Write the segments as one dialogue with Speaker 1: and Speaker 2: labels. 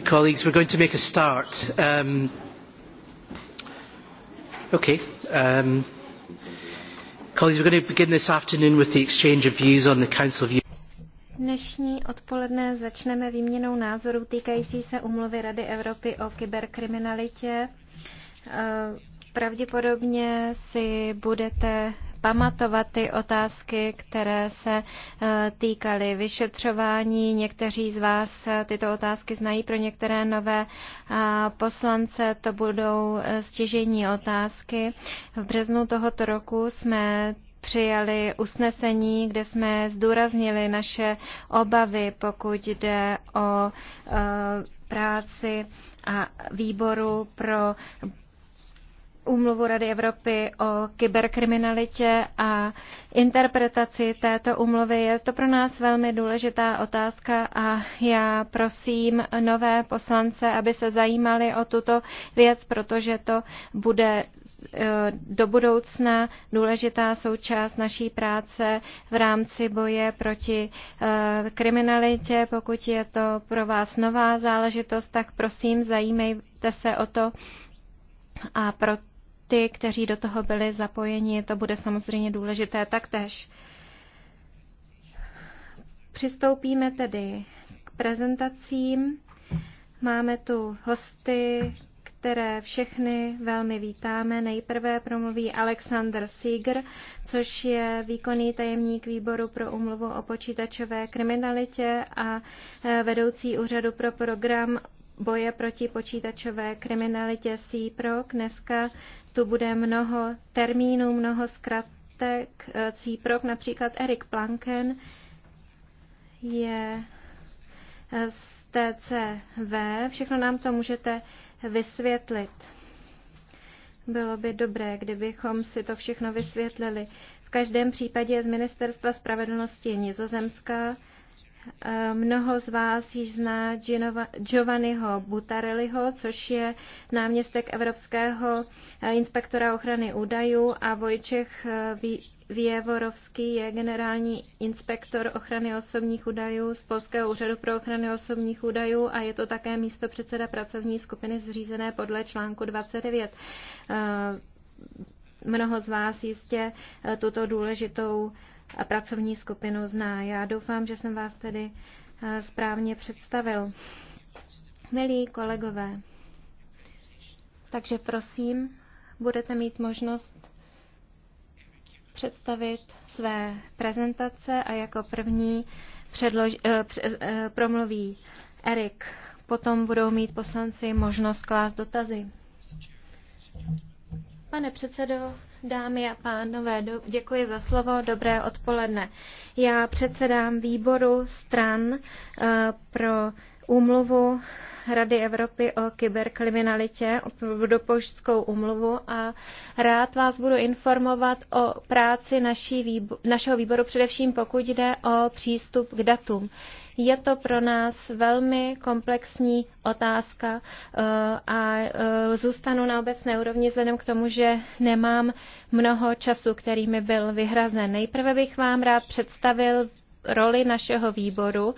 Speaker 1: colleagues, we're going to make a start. Um, okay. Um, colleagues, we're going to begin this afternoon with the exchange of views on the Council of Dnešní odpoledne začneme výměnou názorů týkající se umluvy Rady Evropy o kyberkriminalitě. Eh, pravděpodobně si budete pamatovat ty otázky, které se eh, týkaly vyšetřování. Někteří z vás eh, tyto otázky znají pro některé nové eh, poslance. To budou stěžení otázky. V březnu tohoto roku jsme přijali usnesení, kde jsme zdůraznili naše obavy, pokud jde o práci a výboru pro úmluvu Rady Evropy o kyberkriminalitě a interpretaci této úmluvy. Je to pro nás velmi důležitá otázka a já prosím nové poslance, aby se zajímali o tuto věc, protože to bude e, do budoucna důležitá součást naší práce v rámci boje proti e, kriminalitě. Pokud je to pro vás nová záležitost, tak prosím zajímejte se o to, a pro ty, kteří do toho byli zapojeni. To bude samozřejmě důležité taktéž. Přistoupíme tedy k prezentacím. Máme tu hosty, které všechny velmi vítáme. Nejprve promluví Alexander Sieger, což je výkonný tajemník výboru pro umluvu o počítačové kriminalitě a eh, vedoucí úřadu pro program boje proti počítačové kriminalitě Cipro, Dneska tu bude mnoho termínů, mnoho zkratek. Cipro, například Erik Planken, je z TCV. Všechno nám to můžete vysvětlit. Bylo by dobré, kdybychom si to všechno vysvětlili. V každém případě z Ministerstva spravedlnosti Nizozemská Eh, mnoho z vás již zná Giovanniho Butarelliho, což je náměstek Evropského eh, inspektora ochrany údajů a Vojčech eh, Věvorovský je generální inspektor ochrany osobních údajů z Polského úřadu pro ochranu osobních údajů a je to také místo předseda pracovní skupiny zřízené podle článku 29. Mnoho z vás jistě tuto důležitou pracovní skupinu zná. Já doufám, že jsem vás tedy eh, správně představil. Milí kolegové, takže prosím, budete mít možnost představit své prezentace a jako první předlož, eh, eh, promluví Erik. Potom budou mít poslanci možnost klást dotazy. Pane předsedo, Dámy a pánové, děkuji za slovo, dobré odpoledne. Já předsedám výboru stran eh, pro úmluvu Rady Evropy o kyberkriminalitě, Budopoštskou umluvu a rád vás budu informovat o práci naší výbo- našeho výboru, především pokud jde o přístup k datům. Je to pro nás velmi komplexní otázka eh, a eh, zůstanu na obecné úrovni vzhledem k tomu, že nemám mnoho času, který mi byl vyhrazen. Nejprve bych vám rád představil roli našeho výboru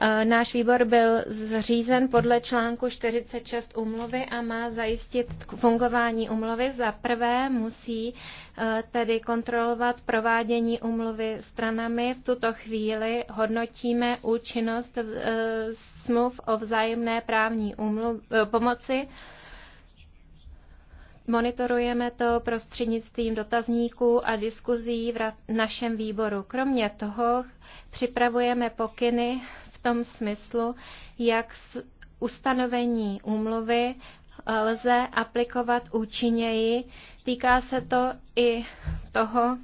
Speaker 1: Eh, náš výbor byl zřízen podle článku 46 umluvy a má zajistit fungování umluvy. Za prvé musí eh, tedy kontrolovat provádění umluvy stranami. V tuto chvíli hodnotíme účinnost eh, smluv o vzájemné právní umluv, pomoci. Monitorujeme to prostřednictvím dotazníků a diskuzí v našem výboru. Kromě toho připravujeme pokyny tom smyslu, jak ustanovení úmluvy lze aplikovat účinněji. Týká se to i toho,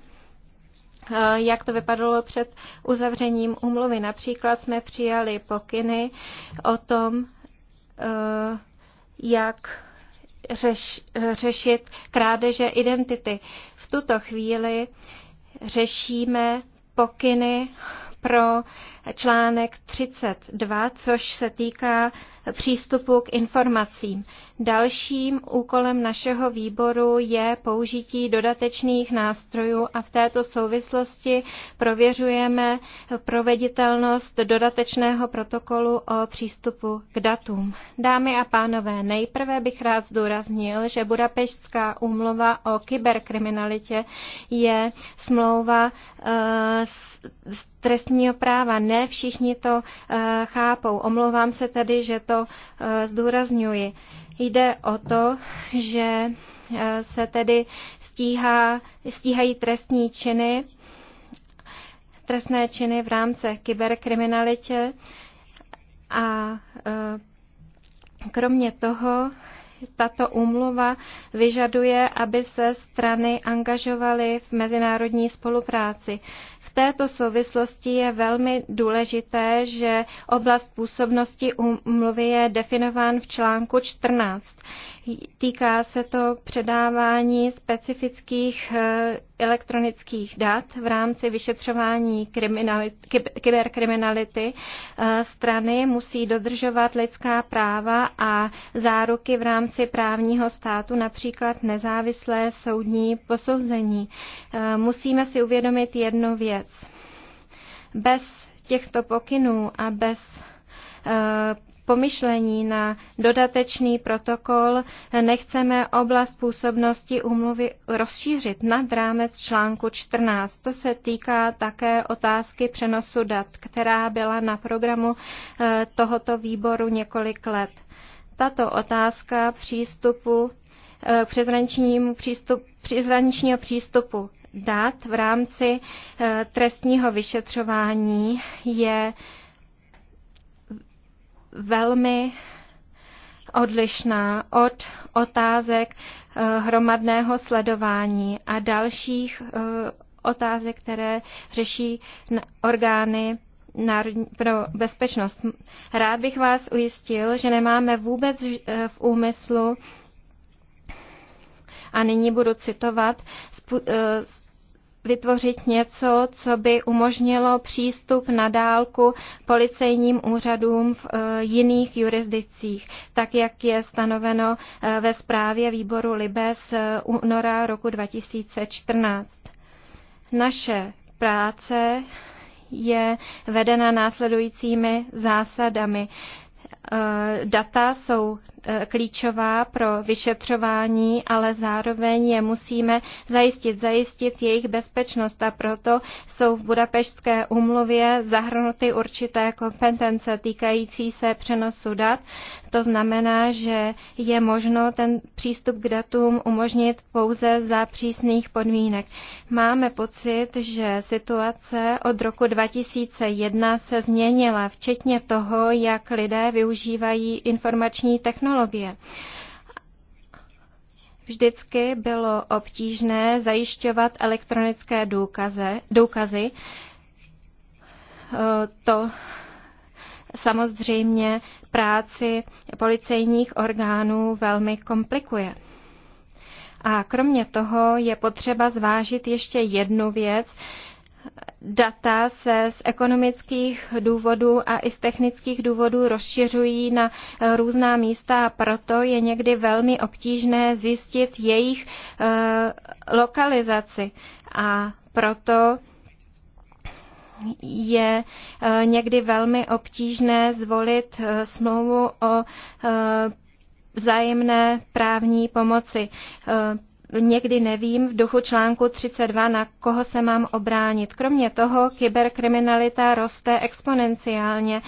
Speaker 1: eh, jak to vypadalo před uzavřením úmluvy. Například jsme přijali pokyny o tom, eh, jak řeš, řešit krádeže identity. V tuto chvíli řešíme pokyny pro článek 32, což se týká přístupu k informacím. Dalším úkolem našeho výboru je použití dodatečných nástrojů a v této souvislosti prověřujeme proveditelnost dodatečného protokolu o přístupu k datům. Dámy a pánové, nejprve bych rád zdůraznil, že Budapeštská úmluva o kyberkriminalitě je smlouva z eh, trestního práva ne všichni to eh, chápou. Omlouvám se tedy, že to eh, zdůrazňuji. Jde o to, že eh, se tedy stíhá, stíhají trestní činy, trestné činy v rámci kyberkriminalitě a kromě toho tato úmluva vyžaduje, aby se strany angažovaly v mezinárodní spolupráci. V této souvislosti je velmi důležité, že oblast působnosti umluvy je definován v článku 14. Týká se to předávání specifických eh, elektronických dat v rámci vyšetřování kyberkriminality. Eh, strany musí dodržovat lidská práva a záruky v rámci právního státu, například nezávislé soudní posouzení. Eh, musíme si uvědomit jednu věc věc. Bez těchto pokynů a bez eh, pomyšlení na dodatečný protokol nechceme oblast působnosti úmluvy rozšířit nad rámec článku 14. To se týká také otázky přenosu dat, která byla na programu eh, tohoto výboru několik let. Tato otázka přístupu k eh, přeshraničního přístupu dat v rámci eh, trestního vyšetřování je velmi odlišná od otázek eh, hromadného sledování a dalších eh, otázek, které řeší orgány pro bezpečnost. Rád bych vás ujistil, že nemáme vůbec v úmyslu, a nyní budu citovat, vytvořit něco, co by umožnilo přístup na dálku policejním úřadům v e, jiných jurisdikcích, tak jak je stanoveno e, ve zprávě výboru Libe z e, února roku 2014. Naše práce je vedena následujícími zásadami. Data jsou Eh, klíčová pro vyšetřování, ale zároveň je musíme zajistit, zajistit jejich bezpečnost a proto jsou v Budapešské umluvě zahrnuty určité kompetence týkající se přenosu dat. To znamená, že je možno ten přístup k datům umožnit pouze za přísných podmínek. Máme pocit, že situace od roku 2001 se změnila, včetně toho, jak lidé využívají informační technologie technologie. Vždycky bylo obtížné zajišťovat elektronické důkaze, důkazy. E, to samozřejmě práci policejních orgánů velmi komplikuje. A kromě toho je potřeba zvážit ještě jednu věc, data se z ekonomických důvodů a i z technických důvodů rozšiřují na eh, různá místa a proto je někdy velmi obtížné zjistit jejich eh, lokalizaci. A proto je eh, někdy velmi obtížné zvolit smlouvu o vzájemné právní pomoci někdy nevím v duchu článku 32, na koho se mám obránit. Kromě toho, kyberkriminalita roste exponenciálně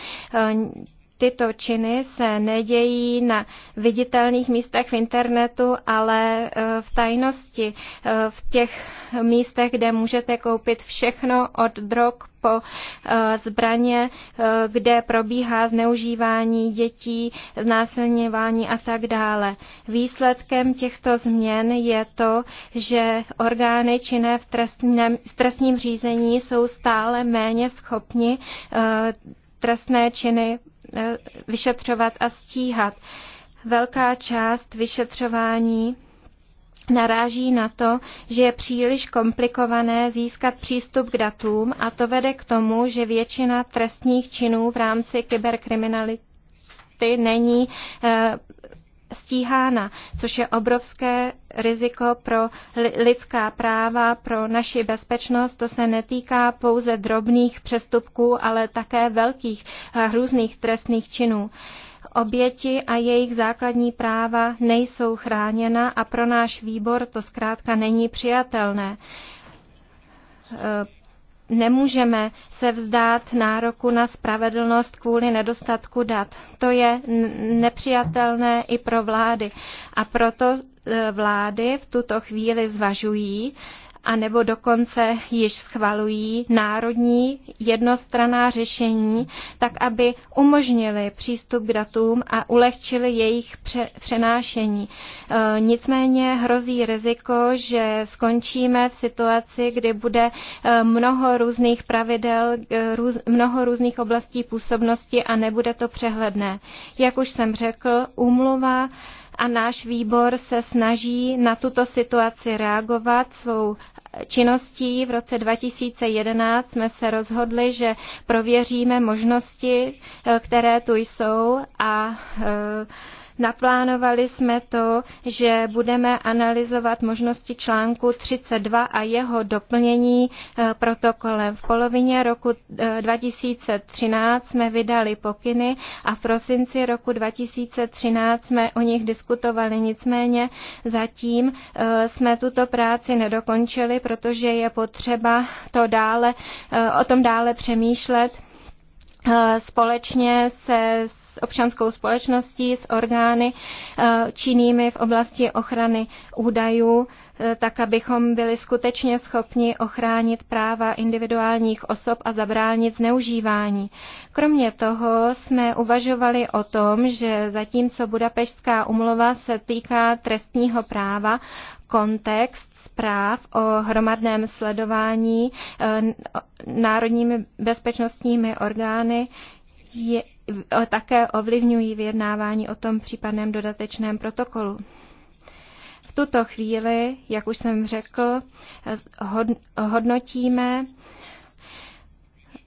Speaker 1: tyto činy se nedějí na viditelných místech v internetu, ale eh, v tajnosti, eh, v těch místech, kde můžete koupit všechno od drog po eh, zbraně, kde probíhá zneužívání dětí, znásilňování a tak dále. Výsledkem těchto změn je to, že orgány činné v trestním, trestním řízení jsou stále méně schopni trestné činy Eh, vyšetřovat a stíhat. Velká část vyšetřování naráží na to, že je příliš komplikované získat přístup k datům a to vede k tomu, že většina trestních činů v rámci kyberkriminality není eh, stíhána, což je obrovské riziko pro lidská práva, pro naši bezpečnost. To se netýká pouze drobných přestupků, ale také velkých eh, hrůzných trestných činů oběti a jejich základní práva nejsou chráněna a pro náš výbor to zkrátka není přijatelné. Eh, nemůžeme se vzdát nároku na spravedlnost kvůli nedostatku dat. To je nepřijatelné i pro vlády. A proto e, vlády v tuto chvíli zvažují, a nebo dokonce již schvalují národní jednostraná řešení, tak aby umožnili přístup k datům a ulehčili jejich přenášení. E, nicméně hrozí riziko, že skončíme v situaci, kdy bude e, mnoho různých pravidel, e, mnoho různých oblastí působnosti a nebude to přehledné. Jak už jsem řekl, úmluva a náš výbor se snaží na tuto situaci reagovat svou činností. V roce 2011 jsme se rozhodli, že prověříme možnosti, eh, které tu jsou a eh, Naplánovali jsme to, že budeme analyzovat možnosti článku 32 a jeho doplnění eh, protokolem. V polovině roku 2013 eh, jsme vydali pokyny a v prosinci roku 2013 jsme o nich diskutovali. Nicméně zatím eh, jsme tuto práci nedokončili, protože je potřeba to dále, o tom dále přemýšlet Eh, společně se s občanskou společností, s orgány eh, činnými v oblasti ochrany údajů, eh, tak abychom byli skutečně schopni ochránit práva individuálních osob a zabránit zneužívání. Kromě toho jsme uvažovali o tom, že zatímco Budapešská umlova se týká trestního práva, kontext zpráv o hromadném sledování eh, národními bezpečnostními orgány je, také ovlivňují vyjednávání o tom případném dodatečném protokolu. V tuto chvíli, jak už jsem řekl, eh, hodnotíme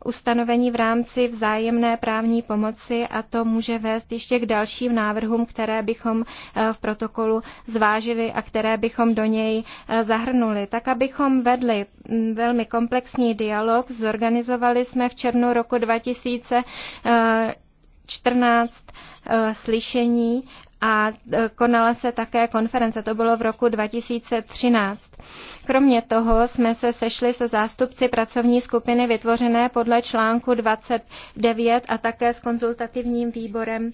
Speaker 1: ustanovení v rámci vzájemné právní pomoci a to může vést ještě k dalším návrhům, které bychom eh, v protokolu zvážili a které bychom do něj eh, zahrnuli. Tak, abychom vedli mm, velmi komplexní dialog, zorganizovali jsme v červnu roku 2014 eh, slyšení a e, konala se také konference, to bylo v roku 2013. Kromě toho jsme se sešli se zástupci pracovní skupiny vytvořené podle článku 29 a také s konzultativním výborem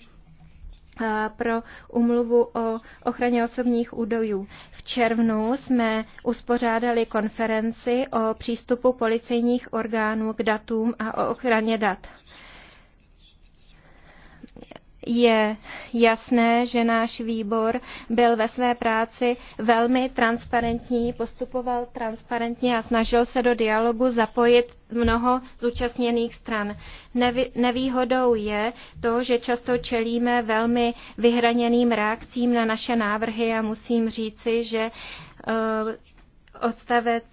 Speaker 1: e, pro umluvu o ochraně osobních údajů. V červnu jsme uspořádali konferenci o přístupu policejních orgánů k datům a o ochraně dat je jasné, že náš výbor byl ve své práci velmi transparentní, postupoval transparentně a snažil se do dialogu zapojit mnoho zúčastněných stran. Nevý, nevýhodou je to, že často čelíme velmi vyhraněným reakcím na naše návrhy a musím říci, že uh, odstavec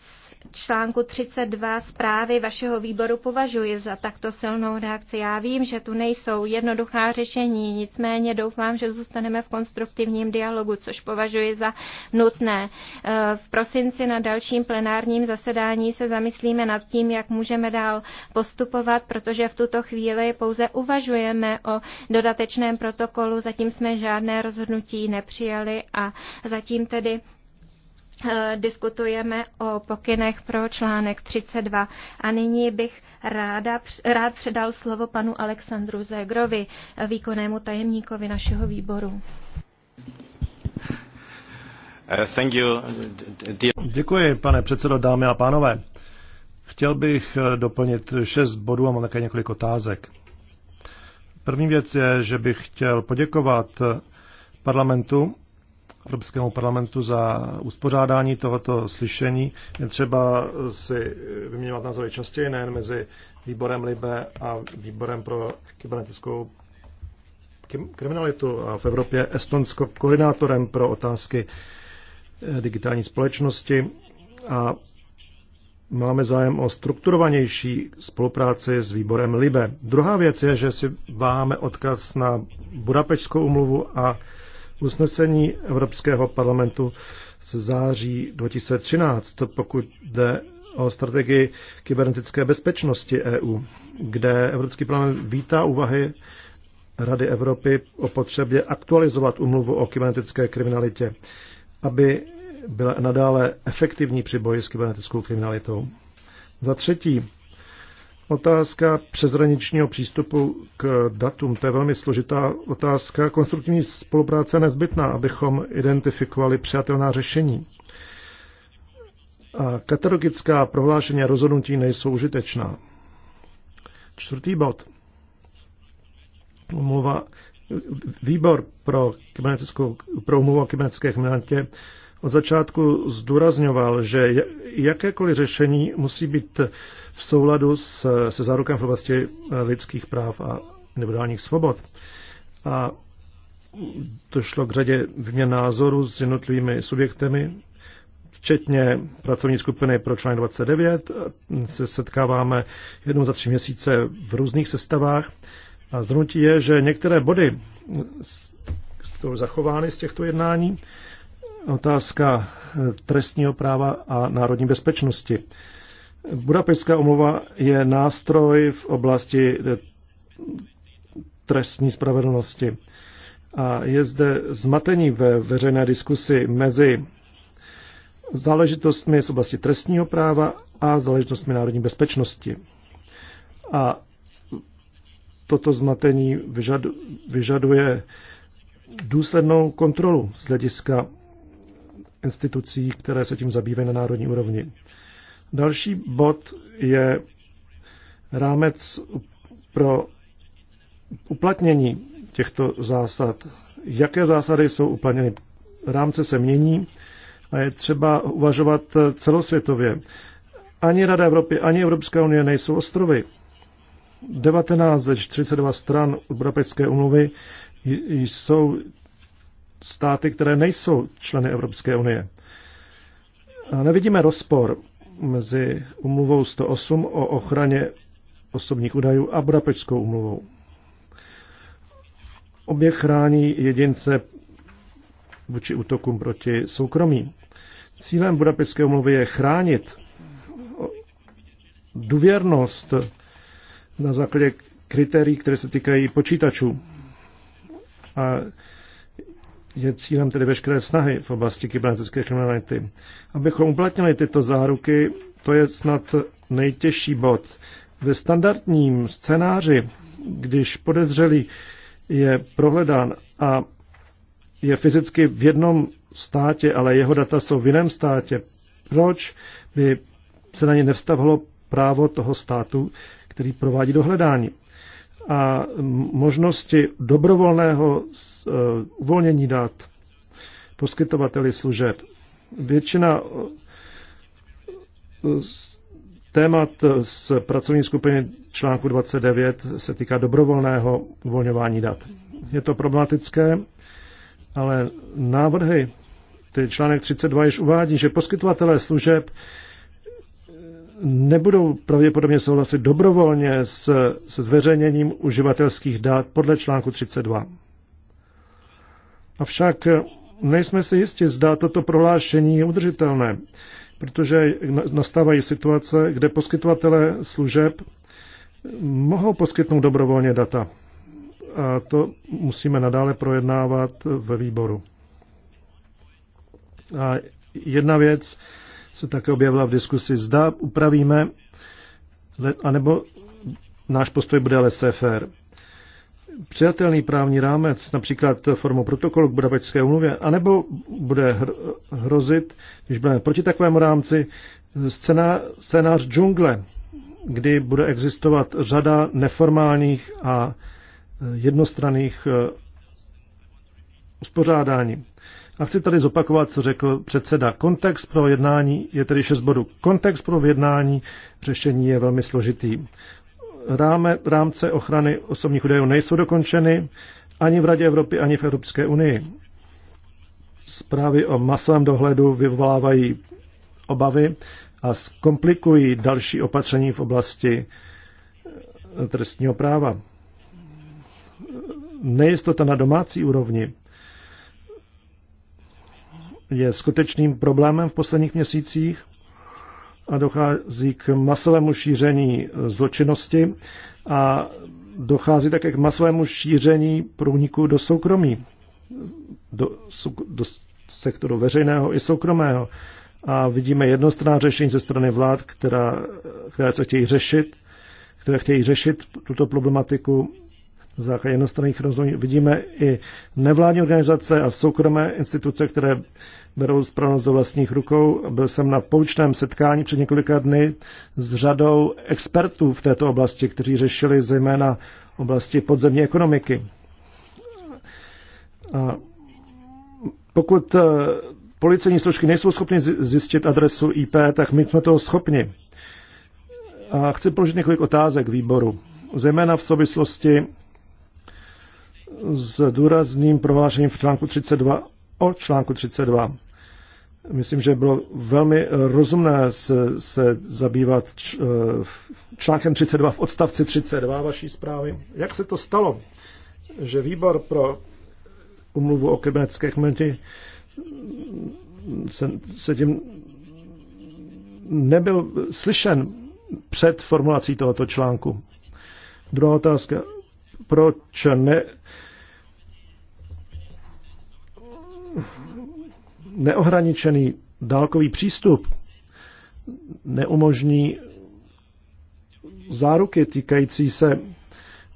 Speaker 1: článku 32 zprávy vašeho výboru považuji za takto silnou reakci. Já vím, že tu nejsou jednoduchá řešení, nicméně doufám, že zůstaneme v konstruktivním dialogu, což považuji za nutné. E, v prosinci na dalším plenárním zasedání se zamyslíme nad tím, jak můžeme dál postupovat, protože v tuto chvíli pouze uvažujeme o dodatečném protokolu, zatím jsme žádné rozhodnutí nepřijali a zatím tedy Eh, diskutujeme o pokynech pro článek 32. A nyní bych ráda, rád předal slovo panu Alexandru Zegrovi, eh, výkonnému tajemníkovi našeho výboru.
Speaker 2: Eh, thank you. Děkuji, pane předsedo, dámy a pánové. Chtěl bych doplnit šest bodů a mám také několik otázek. První věc je, že bych chtěl poděkovat parlamentu Evropskému parlamentu za uspořádání tohoto slyšení. Je třeba si vyměňovat názory častěji, nejen mezi výborem LIBE a výborem pro kybernetickou kriminalitu a v Evropě Estonsko koordinátorem pro otázky eh, digitální společnosti a máme zájem o strukturovanější spolupráci s výborem LIBE. Druhá věc je, že si váme odkaz na Budapečskou umluvu a usnesení Evropského parlamentu z září 2013, pokud jde o strategii kybernetické bezpečnosti EU, kde Evropský parlament vítá úvahy Rady Evropy o potřebě aktualizovat umluvu o kybernetické kriminalitě, aby byla nadále efektivní při boji s kybernetickou kriminalitou. Za třetí, Otázka přezraničního přístupu k datům, to je velmi složitá otázka. Konstruktivní spolupráce je nezbytná, abychom identifikovali přijatelná řešení. A katalogická prohlášení a rozhodnutí nejsou užitečná. Čtvrtý bod. Umluva, výbor pro, pro umluvu o kybernetické kriminalitě od začátku zdůrazňoval, že jakékoliv řešení musí být v souladu se, se zárukem v oblasti eh, lidských práv a individuálních svobod. A došlo k řadě výměn názoru s jednotlivými subjektemi, včetně pracovní skupiny pro článek 29. Se setkáváme jednou za tři měsíce v různých sestavách. A zhrnutí je, že některé body jsou zachovány z těchto jednání otázka eh, trestního práva a národní bezpečnosti. Budapešská omluva je nástroj v oblasti eh, trestní spravedlnosti. A je zde zmatení ve veřejné diskusi mezi záležitostmi z oblasti trestního práva a záležitostmi národní bezpečnosti. A toto zmatení vyžaduje důslednou kontrolu z hlediska institucí, které se tím zabývají na národní úrovni. Další bod je rámec pro uplatnění těchto zásad. Jaké zásady jsou uplatněny? Rámce se mění a je třeba uvažovat celosvětově. Ani Rada Evropy, ani Evropská unie nejsou ostrovy. 19 ze 32 stran Budapešské umluvy jsou státy, které nejsou členy Evropské unie. A nevidíme rozpor mezi umluvou 108 o ochraně osobních údajů a Budapečskou umluvou. Obě chrání jedince vůči útokům proti soukromí. Cílem Budapečské umluvy je chránit důvěrnost na základě kritérií, které se týkají počítačů. A je cílem tedy veškeré snahy v oblasti kybernetické kriminality. Abychom uplatnili tyto záruky, to je snad nejtěžší bod. Ve standardním scénáři, když podezřelý je prohledán a je fyzicky v jednom státě, ale jeho data jsou v jiném státě, proč by se na ně nevstavilo právo toho státu, který provádí dohledání? a možnosti dobrovolného eh, uvolnění dát poskytovateli služeb. Většina eh, témat eh, z pracovní skupiny článku 29 se týká dobrovolného uvolňování dat. Je to problematické, ale návrhy, ty článek 32 již uvádí, že poskytovatelé služeb nebudou pravděpodobně souhlasit dobrovolně s, se zveřejněním uživatelských dat podle článku 32. Avšak nejsme si jistí, zda toto prohlášení je udržitelné, protože nastávají situace, kde poskytovatele služeb mohou poskytnout dobrovolně data. A to musíme nadále projednávat ve výboru. A jedna věc, se také objevila v diskusi, zda upravíme, anebo náš postoj bude ale CFR. Přijatelný právní rámec, například formou protokolu k Budapečské umluvě, anebo bude hrozit, když budeme proti takovému rámci, scéna, scénář džungle, kdy bude existovat řada neformálních a jednostranných eh, uspořádání. A chci tady zopakovat, co řekl předseda. Kontext pro jednání je tedy šest bodů. Kontext pro jednání řešení je velmi složitý. Ráme, rámce ochrany osobních údajů nejsou dokončeny ani v Radě Evropy, ani v Evropské unii. Zprávy o masovém dohledu vyvolávají obavy a zkomplikují další opatření v oblasti eh, trestního práva. Nejistota na domácí úrovni je skutečným problémem v posledních měsících a dochází k masovému šíření eh, zločinnosti a dochází také k masovému šíření průniku do soukromí, do, do sektoru veřejného i soukromého. A vidíme jednostranná řešení ze strany vlád, která, eh, která se chtějí řešit, které chtějí řešit tuto problematiku základě jednostranných rozhodnutí. Vidíme i nevládní organizace a soukromé instituce, které berou spravedlnost do vlastních rukou. Byl jsem na poučném setkání před několika dny s řadou expertů v této oblasti, kteří řešili zejména oblasti podzemní ekonomiky. A pokud eh, policejní složky nejsou schopny zjistit adresu IP, tak my jsme toho schopni. A chci položit několik otázek výboru, zejména v souvislosti s důrazným prohlášením v článku 32 o článku 32. Myslím, že bylo velmi rozumné se, se zabývat eh, článkem 32 v odstavci 32 vaší zprávy. Jak se to stalo, že výbor pro umluvu o kybernetické kmenti se, se tím nebyl slyšen před formulací tohoto článku? Druhá otázka. Proč ne neohraničený dálkový přístup neumožní záruky týkající se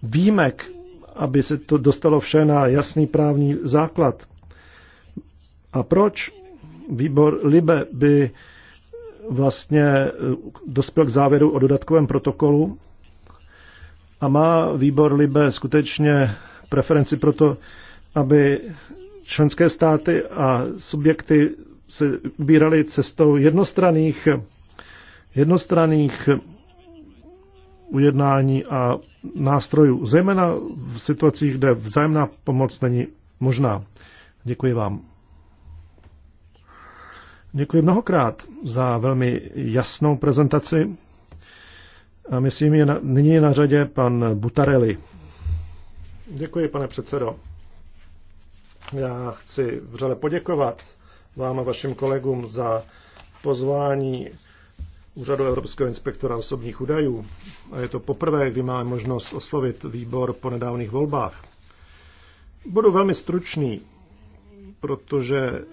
Speaker 2: výjimek, aby se to dostalo vše na jasný právní základ. A proč výbor Libe by vlastně eh, dospěl k závěru o dodatkovém protokolu a má výbor Libe skutečně preferenci pro to, aby členské státy a subjekty se ubíraly cestou jednostranných, jednostranných ujednání a nástrojů, zejména v situacích, kde vzájemná pomoc není možná. Děkuji vám. Děkuji mnohokrát za velmi jasnou prezentaci. A myslím, je na, nyní je na řadě pan Butarelli. Děkuji, pane předsedo. Já chci vřele poděkovat vám a vašim kolegům za pozvání Úřadu Evropského inspektora osobních údajů. A je to poprvé, kdy máme možnost oslovit výbor po nedávných volbách. Budu velmi stručný, protože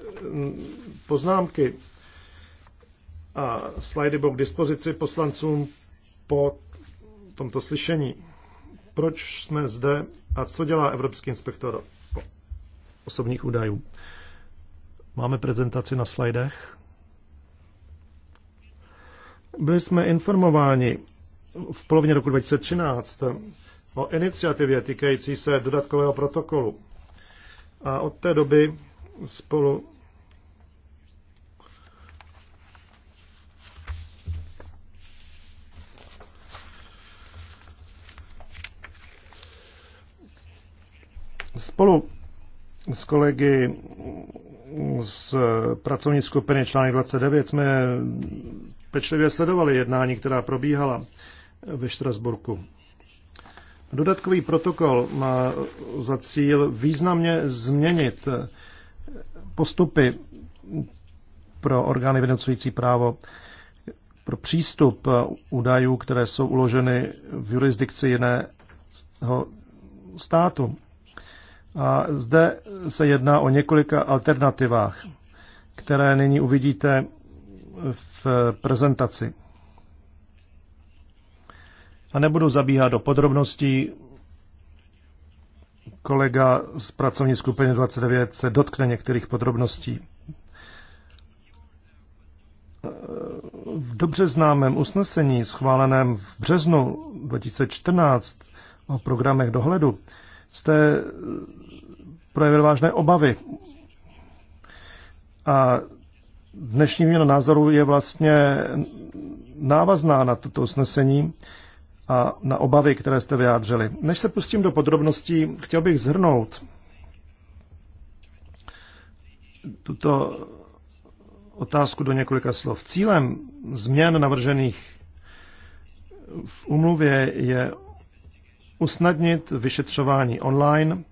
Speaker 2: poznámky a slajdy budou k dispozici poslancům po tomto slyšení. Proč jsme zde a co dělá Evropský inspektor osobních údajů. Máme prezentaci na slajdech. Byli jsme informováni v polovině roku 2013 o iniciativě týkající se dodatkového protokolu. A od té doby spolu spolu s kolegy z pracovní skupiny článek 29 jsme pečlivě sledovali jednání, která probíhala ve Štrasburku. Dodatkový protokol má za cíl významně změnit postupy pro orgány vynucující právo pro přístup údajů, které jsou uloženy v jurisdikci jiného státu. A zde se jedná o několika alternativách, které nyní uvidíte v prezentaci. A nebudu zabíhat do podrobností, kolega z pracovní skupiny 29 se dotkne některých podrobností. V dobře známém usnesení schváleném v březnu 2014 o programech dohledu jste eh, projevil vážné obavy. A dnešní měna názoru je vlastně návazná na toto usnesení a na obavy, které jste vyjádřili. Než se pustím do podrobností, chtěl bych zhrnout tuto otázku do několika slov. Cílem změn navržených v umluvě je usnadnit vyšetřování online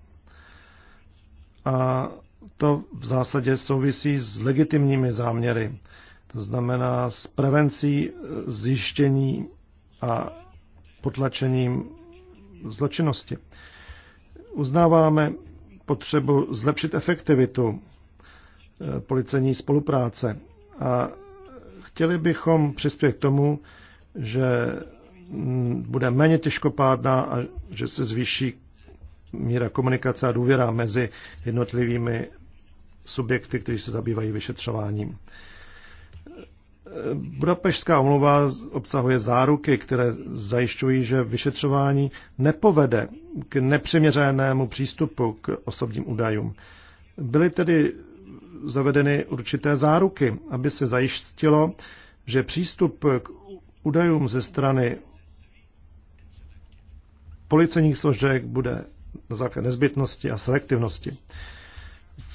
Speaker 2: a to v zásadě souvisí s legitimními záměry. To znamená s prevencí zjištění a potlačením zločinnosti. Uznáváme potřebu zlepšit efektivitu eh, policejní spolupráce a chtěli bychom přispět k tomu, že bude méně těžkopádná a že se zvýší míra komunikace a důvěra mezi jednotlivými subjekty, kteří se zabývají vyšetřováním. Budapešská omluva obsahuje záruky, které zajišťují, že vyšetřování nepovede k nepřiměřenému přístupu k osobním údajům. Byly tedy zavedeny určité záruky, aby se zajistilo, že přístup k údajům ze strany policejních složek bude na základě nezbytnosti a selektivnosti.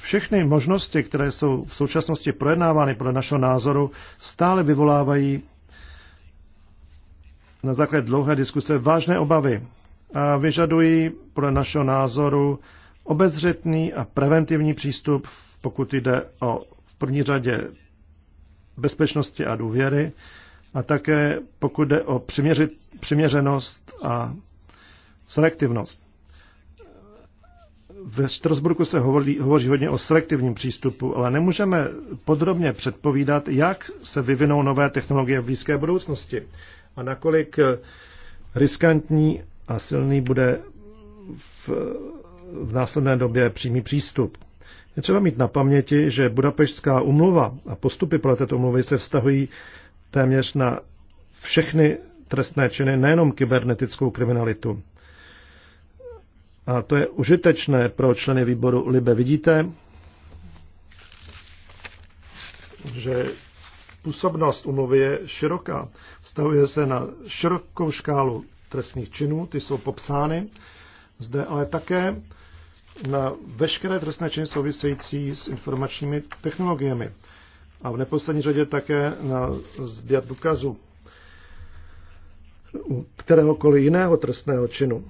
Speaker 2: Všechny možnosti, které jsou v současnosti projednávány podle našeho názoru, stále vyvolávají na základě dlouhé diskuse vážné obavy a vyžadují podle našeho názoru obezřetný a preventivní přístup, pokud jde o v první řadě bezpečnosti a důvěry, a také pokud jde o přiměřenost a Selektivnost. Ve Štrasburku se hovoří, hovoří hodně o selektivním přístupu, ale nemůžeme podrobně předpovídat, jak se vyvinou nové technologie v blízké budoucnosti a nakolik eh, riskantní a silný bude v, v následné době přímý přístup. Je třeba mít na paměti, že Budapešská umluva a postupy pro této umluvy se vztahují téměř na všechny trestné činy, nejenom kybernetickou kriminalitu. A to je užitečné pro členy výboru Libe. Vidíte, že působnost umluvy je široká. Vztahuje se na širokou škálu trestných činů, ty jsou popsány zde, ale také na veškeré trestné činy související s informačními technologiemi. A v neposlední řadě také na sběr důkazu u kteréhokoliv jiného trestného činu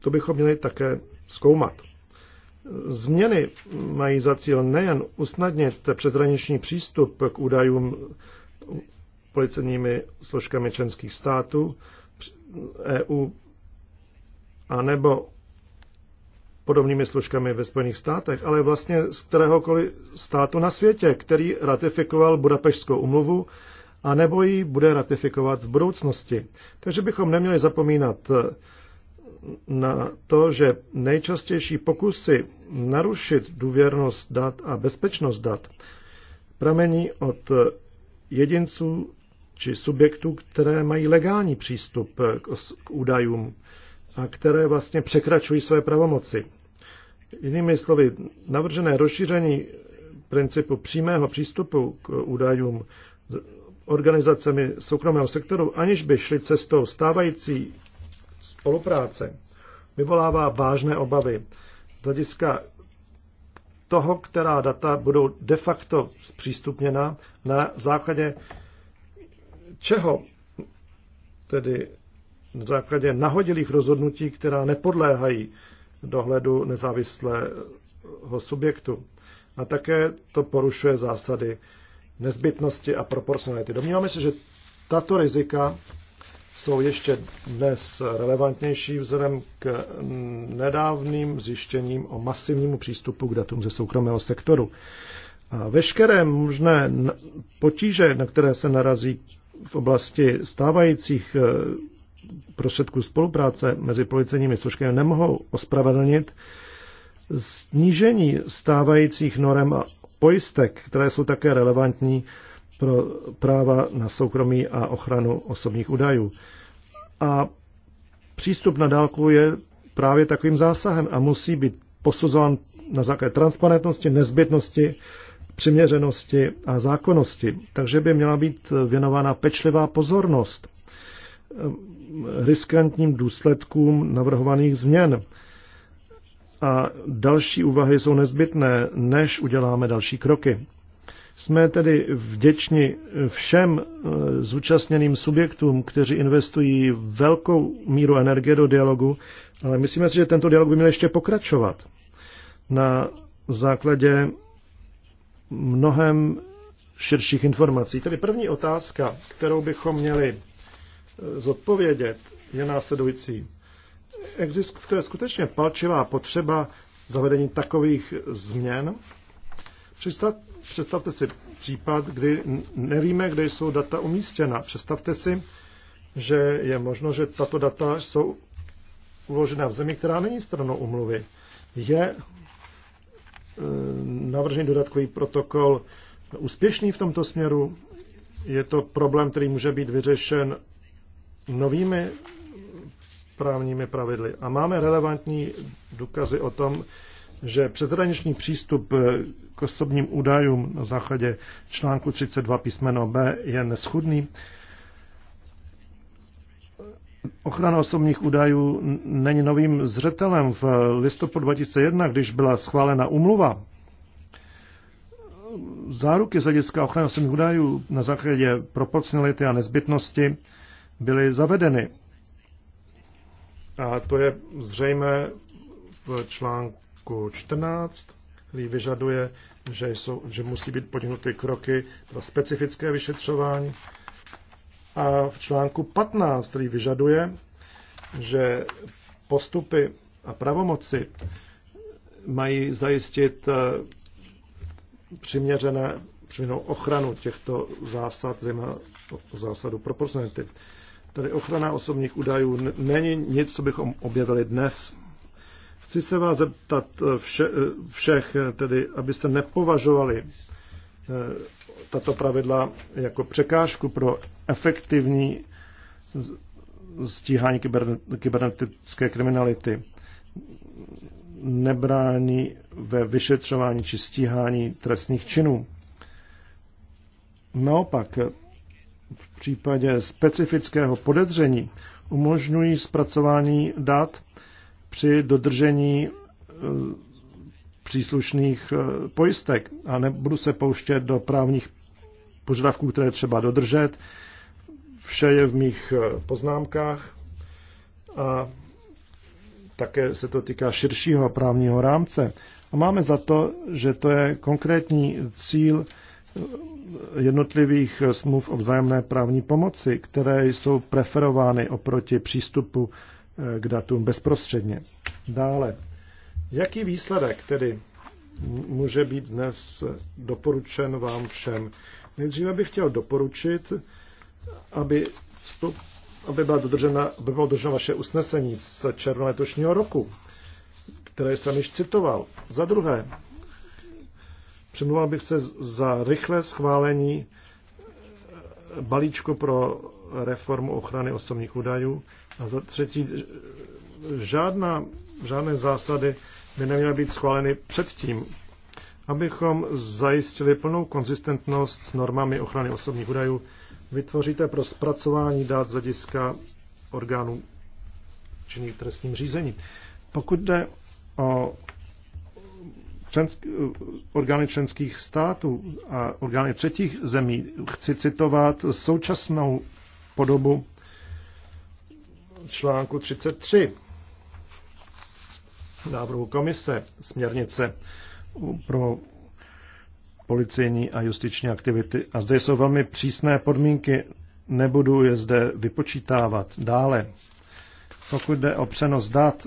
Speaker 2: to bychom měli také zkoumat. Změny mají za cíl nejen usnadnit přeshraniční přístup k údajům policejními složkami členských států EU a nebo podobnými složkami ve Spojených státech, ale vlastně z kteréhokoliv státu na světě, který ratifikoval Budapešskou umluvu a nebo ji bude ratifikovat v budoucnosti. Takže bychom neměli zapomínat na to, že nejčastější pokusy narušit důvěrnost dat a bezpečnost dat pramení od jedinců či subjektů, které mají legální přístup k údajům a které vlastně překračují své pravomoci. Jinými slovy, navržené rozšíření principu přímého přístupu k údajům organizacemi soukromého sektoru, aniž by šli cestou stávající spolupráce vyvolává vážné obavy z hlediska toho, která data budou de facto zpřístupněna, na základě čeho, tedy na základě nahodilých rozhodnutí, která nepodléhají dohledu nezávislého subjektu. A také to porušuje zásady nezbytnosti a proporcionality. Domníváme se, že tato rizika jsou ještě dnes relevantnější vzhledem k nedávným zjištěním o masivnímu přístupu k datům ze soukromého sektoru. A veškeré možné potíže, na které se narazí v oblasti stávajících eh, prostředků spolupráce mezi policejními složkami, nemohou ospravedlnit snížení stávajících norem a pojistek, které jsou také relevantní pro práva na soukromí a ochranu osobních údajů. A přístup na dálku je právě takovým zásahem a musí být posuzován na základě transparentnosti, nezbytnosti, přiměřenosti a zákonnosti. Takže by měla být věnována pečlivá pozornost riskantním důsledkům navrhovaných změn. A další úvahy jsou nezbytné, než uděláme další kroky. Jsme tedy vděční všem eh, zúčastněným subjektům, kteří investují velkou míru energie do dialogu, ale myslíme si, že tento dialog by měl ještě pokračovat na základě mnohem širších informací. Tedy první otázka, kterou bychom měli eh, zodpovědět, je následující. Existuje skutečně palčivá potřeba zavedení takových změn? představte si případ, kdy nevíme, kde jsou data umístěna. Představte si, že je možno, že tato data jsou uložena v zemi, která není stranou umluvy. Je e, navržený dodatkový protokol úspěšný v tomto směru? Je to problém, který může být vyřešen novými právními pravidly. A máme relevantní důkazy o tom, že přeshraniční přístup eh, k osobním údajům na základě článku 32 písmeno B je neschudný. Ochrana osobních údajů není novým zřetelem. V listopadu 2001, když byla schválena umluva, záruky z hlediska ochrany osobních údajů na základě proporcionality a nezbytnosti byly zavedeny. A to je zřejmé v článku článku 14, který vyžaduje, že, jsou, že musí být podnuty kroky pro specifické vyšetřování. A v článku 15, který vyžaduje, že postupy a pravomoci mají zajistit eh, přiměřené, přiměřenou ochranu těchto zásad, zejména zásadu proporcionality. Tady ochrana osobních údajů není nic, co bychom objevili dnes. Chci se vás zeptat eh, vše, eh, všech, eh, tedy abyste nepovažovali tato pravidla jako překážku pro efektivní stíhání kybernetické kriminality nebrání ve vyšetřování či stíhání trestných činů. Naopak, v případě specifického podezření umožňují zpracování dat při dodržení eh, příslušných eh, pojistek a nebudu se pouštět do právních požadavků, které třeba dodržet. Vše je v mých eh, poznámkách a také se to týká širšího právního rámce. A máme za to, že to je konkrétní cíl jednotlivých smluv o vzájemné právní pomoci, které jsou preferovány oproti přístupu k datům bezprostředně. Dále, jaký výsledek tedy může být dnes doporučen vám všem? Nejdříve bych chtěl doporučit, aby, vstup, aby, byla dodržena, aby bylo dodrženo vaše usnesení z června letošního roku, které jsem již citoval. Za druhé, přemluval bych se za rychlé schválení eh, balíčku pro reformu ochrany osobních údajů a za třetí, žádná, žádné zásady by neměly být schváleny předtím, abychom zajistili plnou konzistentnost s normami ochrany osobních údajů, vytvoříte pro zpracování dát z hlediska orgánů činných v trestním řízení. Pokud jde o orgány členských států a orgány třetích zemí, chci citovat současnou podobu článku 33 návrhu komise směrnice pro policejní a justiční aktivity. A zde jsou velmi přísné podmínky, nebudu je zde vypočítávat dále. Pokud jde o přenos dat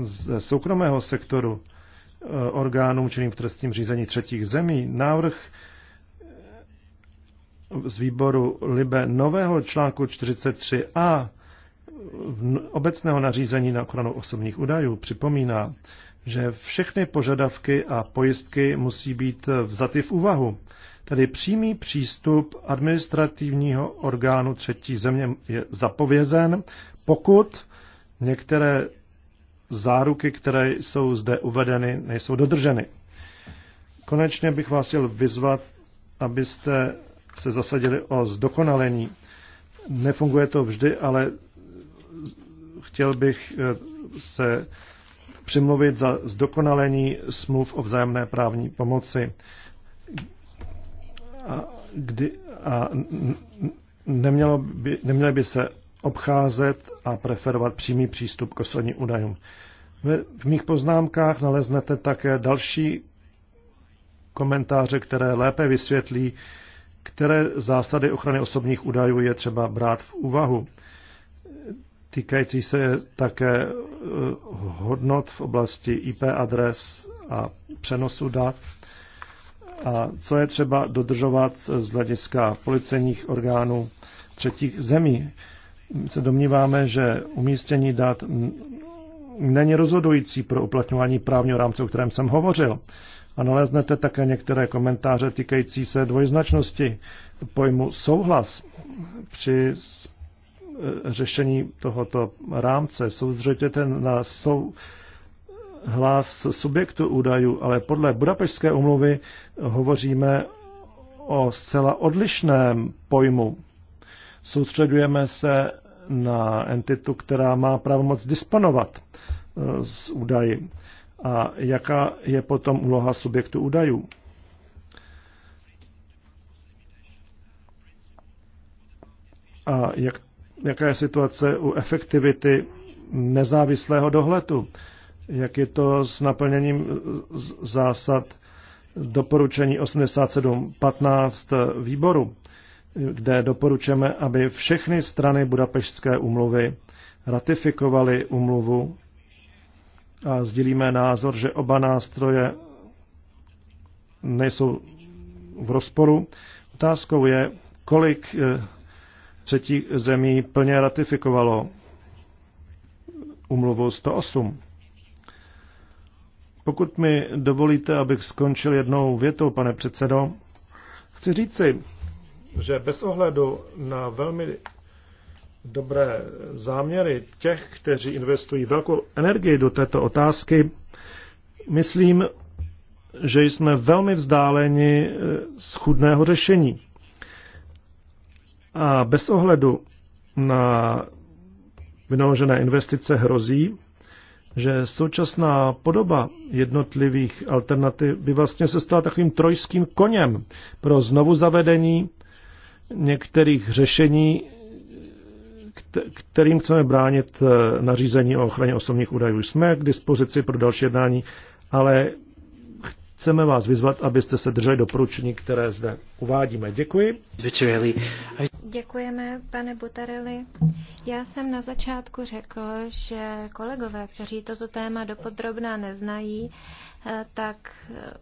Speaker 2: z soukromého sektoru eh, orgánům činným v trestním řízení třetích zemí, návrh z výboru Libe nového článku 43a obecného nařízení na ochranu osobních údajů připomíná, že všechny požadavky a pojistky musí být vzaty v úvahu. Tedy přímý přístup administrativního orgánu třetí země je zapovězen, pokud některé záruky, které jsou zde uvedeny, nejsou dodrženy. Konečně bych vás chtěl vyzvat, abyste se zasadili o zdokonalení. Nefunguje to vždy, ale chtěl bych eh, se přimluvit za zdokonalení smluv o vzájemné právní pomoci. A, kdy, a nemělo by, neměly by se obcházet a preferovat přímý přístup k osobním údajům. V mých poznámkách naleznete také další komentáře, které lépe vysvětlí, které zásady ochrany osobních údajů je třeba brát v úvahu týkající se také e, hodnot v oblasti IP adres a přenosu dat a co je třeba dodržovat z hlediska policejních orgánů třetích zemí. My se domníváme, že umístění dat není rozhodující pro uplatňování právního rámce, o kterém jsem hovořil. A naleznete také některé komentáře týkající se dvojznačnosti pojmu souhlas při Eh, řešení tohoto rámce. Soustředěte na sou, hlas subjektu údajů, ale podle Budapešské umluvy hovoříme o zcela odlišném pojmu. Soustředujeme se na entitu, která má pravomoc disponovat eh, s údaji. A jaká je potom úloha subjektu údajů? A jak jaká je situace u efektivity nezávislého dohledu, jak je to s naplněním zásad doporučení 87.15 výboru, kde doporučujeme, aby všechny strany Budapešské umluvy ratifikovaly umluvu a sdílíme názor, že oba nástroje nejsou v rozporu. Otázkou je, kolik eh, třetí zemí plně ratifikovalo umluvu 108. Pokud mi dovolíte, abych skončil jednou větou, pane předsedo, chci říci, že bez ohledu na velmi dobré záměry těch, kteří investují velkou energii do této otázky, myslím, že jsme velmi vzdáleni z chudného řešení. A bez ohledu na vynaložené investice hrozí, že současná podoba jednotlivých alternativ by vlastně se stala takovým trojským koněm pro znovu zavedení některých řešení, kterým chceme bránit eh, nařízení o ochraně osobních údajů. Jsme k dispozici pro další jednání, ale chceme vás vyzvat, abyste se drželi doporučení, které zde uvádíme. Děkuji.
Speaker 1: Děkujeme, pane Butarelli. Já jsem na začátku řekl, že kolegové, kteří toto téma dopodrobná neznají, eh, tak eh,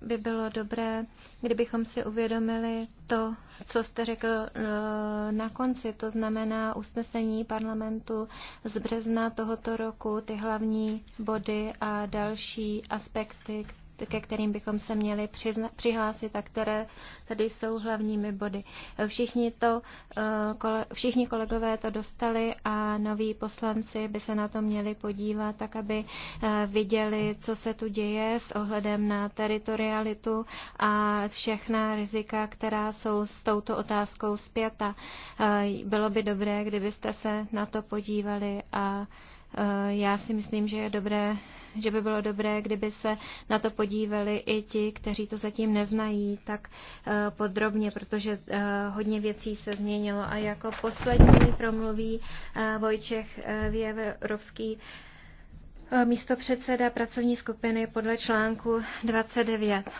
Speaker 1: by bylo dobré, kdybychom si uvědomili to, co jste řekl eh, na konci, to znamená usnesení parlamentu z března tohoto roku, ty hlavní body a další aspekty, ke kterým bychom se měli přizna, přihlásit a které tady jsou hlavními body. Všichni, to, eh, kole, všichni kolegové to dostali a noví poslanci by se na to měli podívat, tak aby eh, viděli, co se tu děje s ohledem na teritorialitu a všechna rizika, která jsou s touto otázkou zpěta. Eh, bylo by dobré, kdybyste se na to podívali a Eh, já si myslím, že je dobré, že by bylo dobré, kdyby se na to podívali i ti, kteří to zatím neznají tak eh, podrobně, protože eh, hodně věcí se změnilo. A jako poslední promluví Vojčech Věverovský místo předseda pracovní skupiny podle článku 29.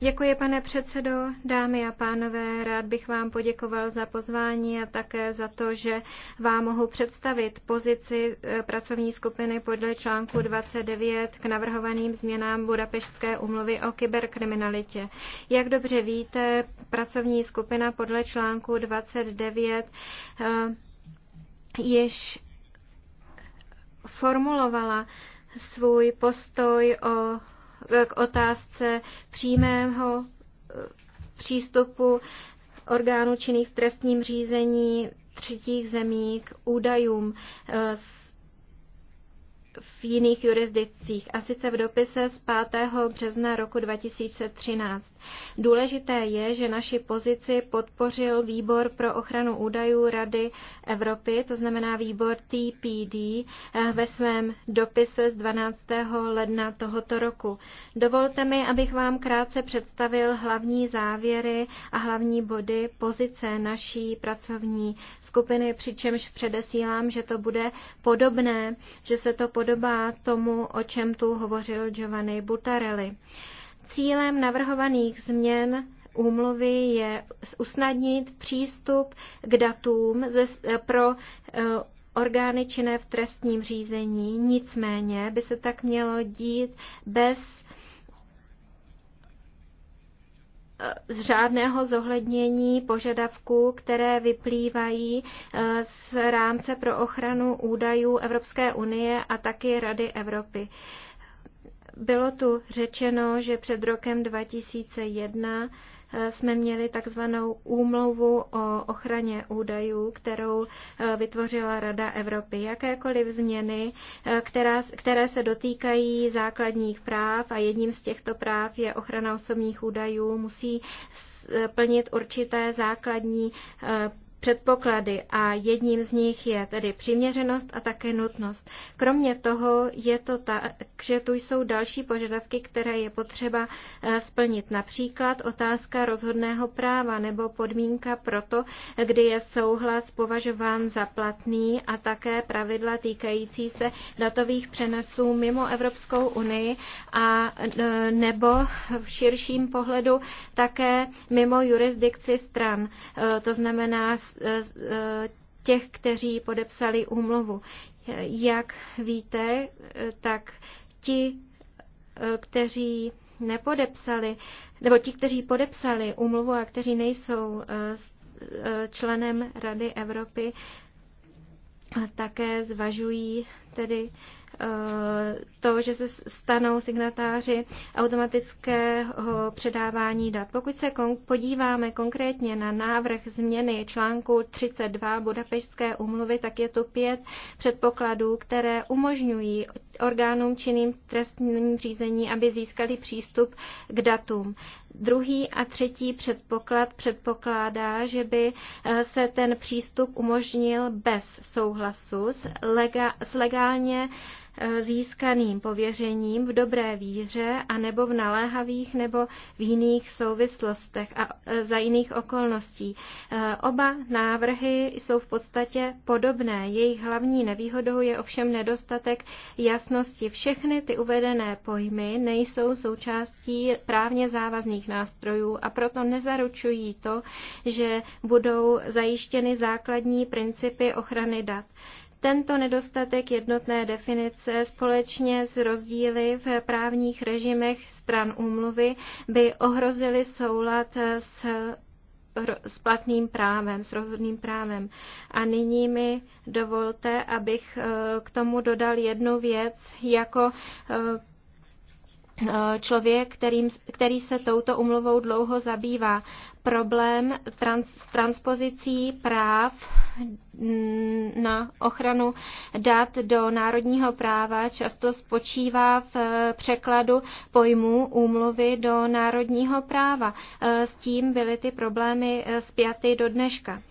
Speaker 1: Děkuji, pane předsedo, dámy a pánové. Rád bych vám poděkoval za pozvání a také za to, že vám mohu představit pozici eh, pracovní skupiny podle článku 29 k navrhovaným změnám Budapešské umluvy o kyberkriminalitě. Jak dobře víte, pracovní skupina podle článku 29 eh, již formulovala svůj postoj o, k otázce přímého eh, přístupu orgánů činných v trestním řízení třetích zemí k údajům. Eh, v jiných jurisdikcích, a sice v dopise z 5. března roku 2013. Důležité je, že naši pozici podpořil Výbor pro ochranu údajů Rady Evropy, to znamená výbor TPD, eh, ve svém dopise z 12. ledna tohoto roku. Dovolte mi, abych vám krátce představil hlavní závěry a hlavní body pozice naší pracovní skupiny, přičemž předesílám, že to bude podobné, že se to podobá podobá tomu, o čem tu hovořil Giovanni Butarelli. Cílem navrhovaných změn úmluvy je usnadnit přístup k datům pro e, orgány činné v trestním řízení. Nicméně by se tak mělo dít bez z řádného zohlednění požadavků, které vyplývají eh, z rámce pro ochranu údajů Evropské unie a taky Rady Evropy. Bylo tu řečeno, že před rokem 2001 Eh, jsme měli takzvanou úmluvu o ochraně údajů, kterou eh, vytvořila Rada Evropy. Jakékoliv změny, eh, která, které se dotýkají základních práv a jedním z těchto práv je ochrana osobních údajů, musí plnit určité základní předpoklady a jedním z nich je tedy přiměřenost a také nutnost. Kromě toho je to tak, že tu jsou další požadavky, které je potřeba eh, splnit. Například otázka rozhodného práva nebo podmínka pro to, kdy je souhlas považován za platný a také pravidla týkající se datových přenesů mimo Evropskou unii a eh, nebo v širším pohledu také mimo jurisdikci stran. Eh, to znamená těch, kteří podepsali úmluvu. Jak víte, tak ti, kteří nepodepsali, nebo ti, kteří podepsali úmluvu a kteří nejsou eh, eh, členem Rady Evropy, také zvažují tedy Eh, to, že se stanou signatáři automatického předávání dat. Pokud se podíváme konkrétně na návrh změny článku 32 Budapešské umluvy, tak je to pět předpokladů, které umožňují orgánům činným v trestním řízení, aby získali přístup k datům. Druhý a třetí předpoklad předpokládá, že by eh, se ten přístup umožnil bez souhlasu s, lega, s legálně získaným pověřením v dobré víře a nebo v naléhavých nebo v jiných souvislostech a e, za jiných okolností. E, oba návrhy jsou v podstatě podobné. Jejich hlavní nevýhodou je ovšem nedostatek jasnosti. Všechny ty uvedené pojmy nejsou součástí právně závazných nástrojů a proto nezaručují to, že budou zajištěny základní principy ochrany dat. Tento nedostatek jednotné definice společně s rozdíly v právních režimech stran úmluvy by ohrozily soulad s s platným právem, s rozhodným právem. A nyní mi dovolte, abych eh, k tomu dodal jednu věc jako eh, Eh, člověk, kterým, který se touto umluvou dlouho zabývá. Problém trans, transpozicí práv na ochranu dat do národního práva často spočívá v eh, překladu pojmů úmluvy do národního práva. Eh, s tím byly ty problémy spjaty do dneška.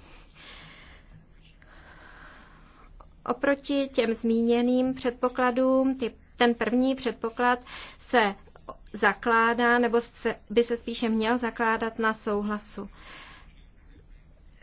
Speaker 1: Oproti těm zmíněným předpokladům, ty ten první předpoklad se zakládá, nebo se, by se spíše měl zakládat na souhlasu.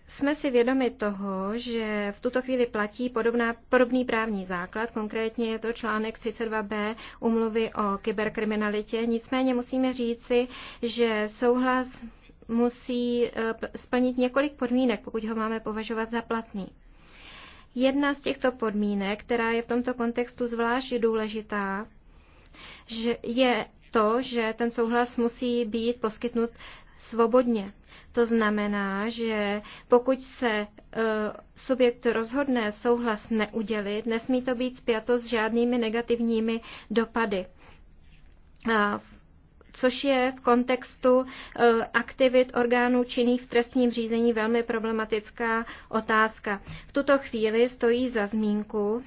Speaker 1: Jsme si vědomi toho, že v tuto chvíli platí podobná, podobný právní základ, konkrétně je to článek 32b umluvy o kyberkriminalitě. Nicméně musíme říci, že souhlas musí eh, splnit několik podmínek, pokud ho máme považovat za platný. Jedna z těchto podmínek, která je v tomto kontextu zvlášť důležitá, že je to, že ten souhlas musí být poskytnut svobodně. To znamená, že pokud se e, subjekt rozhodne souhlas neudělit, nesmí to být spjato s žádnými negativními dopady. což je v kontextu e, aktivit orgánů činných v trestním řízení velmi problematická otázka. V tuto chvíli stojí za zmínku,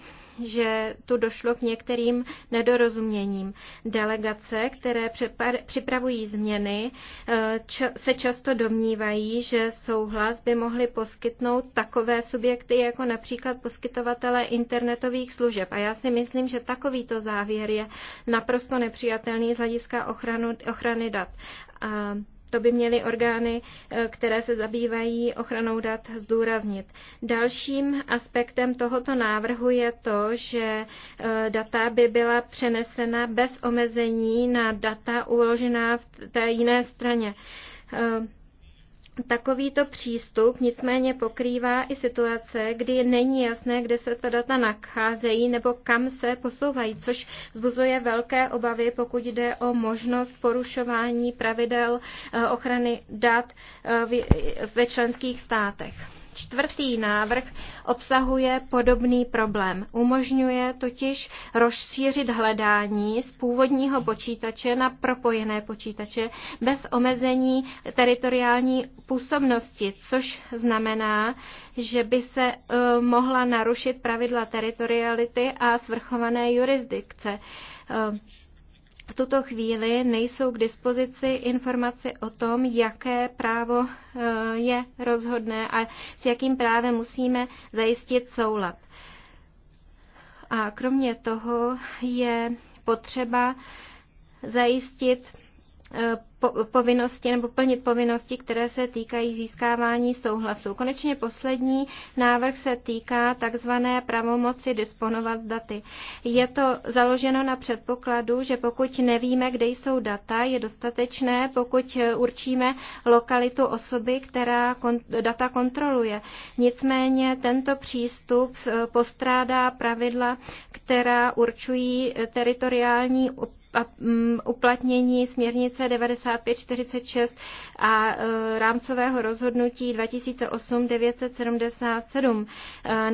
Speaker 1: že tu došlo k některým nedorozuměním. Delegace, které připravují změny, eh, se často domnívají, že souhlas by mohly poskytnout takové subjekty, jako například poskytovatele internetových služeb. A já si myslím, že takovýto závěr je naprosto nepřijatelný z hlediska ochranu, ochrany dat. To by měly orgány, eh, které se zabývají ochranou dat, zdůraznit. Dalším aspektem tohoto návrhu je to, že eh, data by byla přenesena bez omezení na data uložená v té jiné straně. Eh, Takovýto přístup nicméně pokrývá i situace, kdy není jasné, kde se ta data nacházejí nebo kam se posouvají, což zbuzuje velké obavy, pokud jde o možnost porušování pravidel eh, ochrany dat eh, ve členských státech. Čtvrtý návrh obsahuje podobný problém. Umožňuje totiž rozšířit hledání z původního počítače na propojené počítače bez omezení teritoriální působnosti, což znamená, že by se eh, mohla narušit pravidla teritoriality a svrchované jurisdikce. Eh, v tuto chvíli nejsou k dispozici informace o tom, jaké právo eh, je rozhodné a s jakým právem musíme zajistit soulad. A kromě toho je potřeba zajistit eh, po, povinnosti nebo plnit povinnosti, které se týkají získávání souhlasu. Konečně poslední návrh se týká takzvané pravomoci disponovat daty. Je to založeno na předpokladu, že pokud nevíme, kde jsou data, je dostatečné, pokud určíme lokalitu osoby, která kon, data kontroluje. Nicméně tento přístup eh, postrádá pravidla, která určují teritoriální mm, uplatnění směrnice 90 55-46 a e, rámcového rozhodnutí 2008-977 e,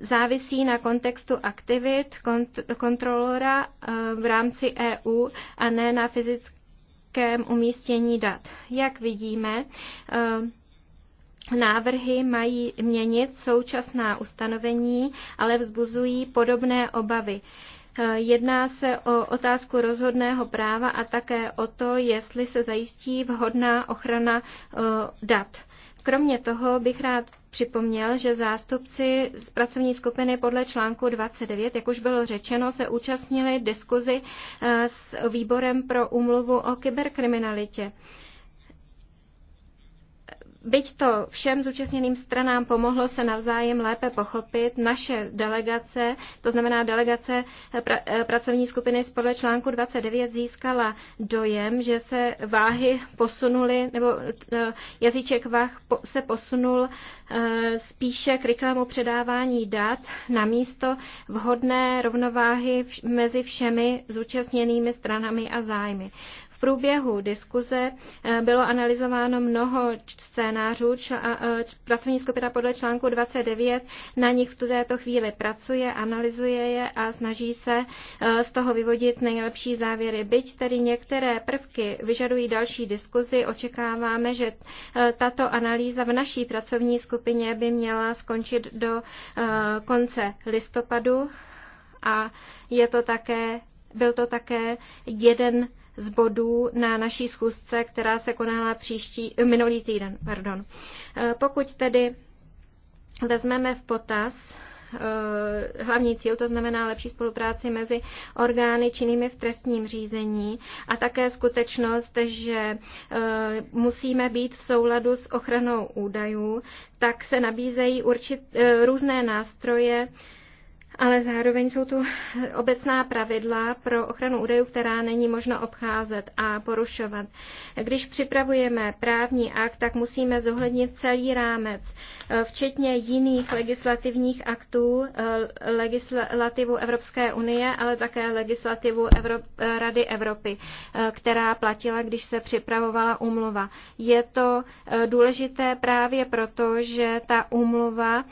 Speaker 1: závisí na kontextu aktivit kont- kontrolora e, v rámci EU a ne na fyzickém umístění dat. Jak vidíme, Návrhy mají měnit současná ustanovení, ale vzbuzují podobné obavy. Eh, jedná se o otázku rozhodného práva a také o to, jestli se zajistí vhodná ochrana eh, dat. Kromě toho bych rád připomněl, že zástupci z pracovní skupiny podle článku 29, jak už bylo řečeno, se účastnili diskuzi eh, s výborem pro úmluvu o kyberkriminalitě. Byť to všem zúčastněným stranám pomohlo se navzájem lépe pochopit, naše delegace, to znamená delegace eh, pra, eh, pracovní skupiny podle článku 29, získala dojem, že se váhy posunuly, nebo eh, jazyček váh se posunul spíše k rychlému předávání dat na místo vhodné rovnováhy mezi všemi zúčastněnými stranami a zájmy průběhu diskuze eh, bylo analyzováno mnoho scénářů. Eh, pracovní skupina podle článku 29 na nich v této chvíli pracuje, analyzuje je a snaží se eh, z toho vyvodit nejlepší závěry. Byť tedy některé prvky vyžadují další diskuzi, očekáváme, že tato analýza v naší pracovní skupině by měla skončit do konce listopadu a je to také byl to také jeden z bodů na naší schůzce, která se konala příští, minulý týden. Pardon. Eh, pokud tedy vezmeme v potaz eh, hlavní cíl, to znamená lepší spolupráci mezi orgány činnými v trestním řízení a také skutečnost, že eh, musíme být v souladu s ochranou údajů, tak se nabízejí určit, různé nástroje, ale zároveň jsou tu obecná pravidla pro ochranu údajů, která není možno obcházet a porušovat. Když připravujeme právní akt, tak musíme zohlednit celý rámec, eh, včetně jiných legislativních aktů, eh, legislativu Evropské unie, ale také legislativu Evrop- eh, Rady Evropy, která platila, když se připravovala úmluva. Je to důležité právě proto, že ta umluva,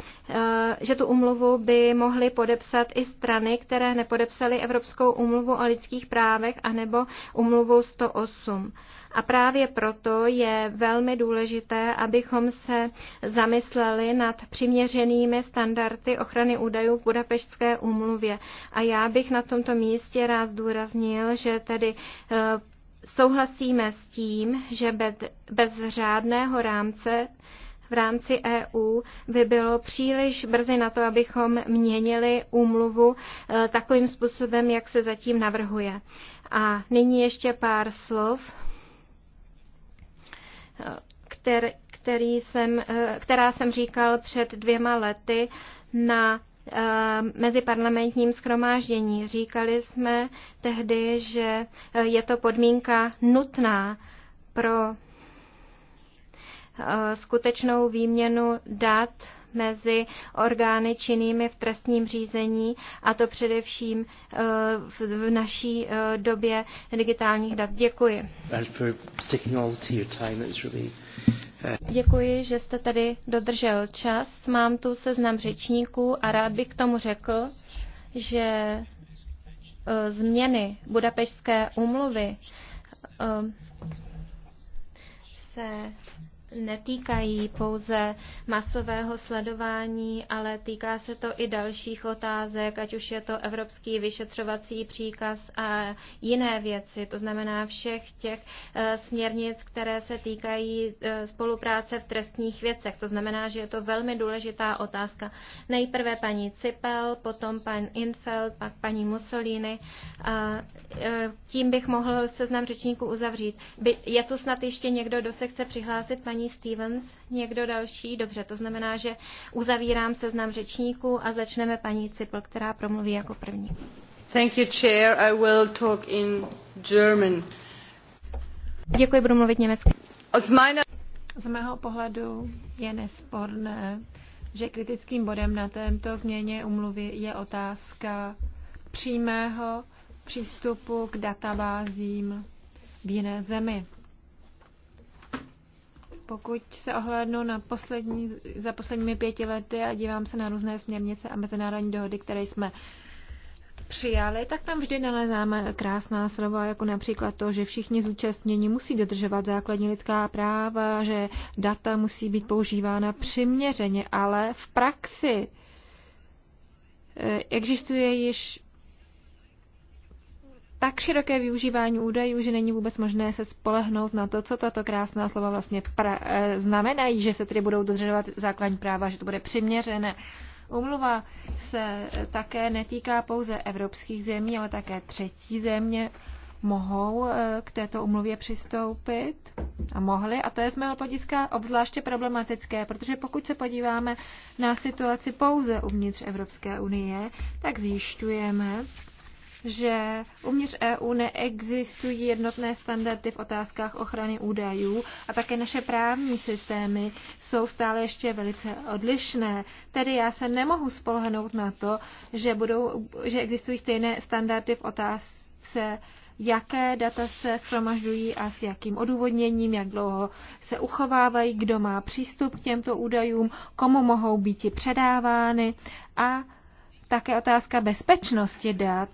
Speaker 1: že tu úmluvu by mohly podat podepsat i strany, které nepodepsaly Evropskou umluvu o lidských právech anebo umluvu 108. A právě proto je velmi důležité, abychom se zamysleli nad přiměřenými standardy ochrany údajů v Budapeštské úmluvě. A já bych na tomto místě rád zdůraznil, že tedy eh, souhlasíme s tím, že bez, bez řádného rámce v rámci EU by bylo příliš brzy na to, abychom měnili úmluvu eh, takovým způsobem, jak se zatím navrhuje. A nyní ještě pár slov, eh, který, který jsem, eh, která jsem říkal před dvěma lety na meziparlamentním schromáždění. Říkali jsme tehdy, že je to podmínka nutná pro Eh, skutečnou výměnu dat mezi orgány činnými v trestním řízení, a to především eh, v naší eh, době digitálních dat. Děkuji. Děkuji, že jste tady dodržel čas. Mám tu seznam řečníků a rád bych k tomu řekl, že změny Budapešské úmluvy se netýkají pouze masového sledování, ale týká se to i dalších otázek, ať už je to evropský vyšetřovací příkaz a jiné věci, to znamená všech těch eh, směrnic, které se týkají eh, spolupráce v trestních věcech. To znamená, že je to velmi důležitá otázka. Nejprve paní Cipel, potom pan Infeld, pak paní Mussolini. A eh, tím bych mohl seznam řečníků uzavřít. Je tu snad ještě někdo, kdo se chce přihlásit, paní paní Stevens, někdo další? Dobře, to znamená, že uzavírám seznam řečníků a začneme paní Cipl, která promluví jako první.
Speaker 3: Thank you, chair. I will talk in
Speaker 1: German. Děkuji, budu mluvit
Speaker 3: německy. Z mého pohledu je nesporné, že kritickým bodem na této změně umluvy je otázka přímého přístupu k databázím v jiné zemi pokud se ohlédnu na poslední, za posledními pěti lety a dívám se na různé směrnice a mezinárodní dohody, které jsme přijali, tak tam vždy nalezáme krásná slova, jako například to, že všichni zúčastnění musí dodržovat základní lidská práva, že data musí být používána přiměřeně, ale v praxi eh, existuje již tak široké využívání údajů, že není vůbec možné se spolehnout na to, co tato krásná slova vlastně pra- eh, znamenají, že se tedy budou dodržovat základní práva, že to bude přiměřené. Umluva se také netýká pouze evropských zemí, ale také třetí země mohou eh, k této umluvě přistoupit a mohli. A to je z mého podiska obzvláště problematické, protože pokud se podíváme na situaci pouze uvnitř Evropské unie, tak zjišťujeme, že uvnitř EU neexistují jednotné standardy v otázkách ochrany údajů a také naše právní systémy jsou stále ještě velice odlišné. Tedy já se nemohu spolehnout na to, že, budou, že existují stejné standardy v otázce jaké data se schromažďují a s jakým odůvodněním, jak dlouho se uchovávají, kdo má přístup k těmto údajům, komu mohou být předávány a také otázka bezpečnosti dat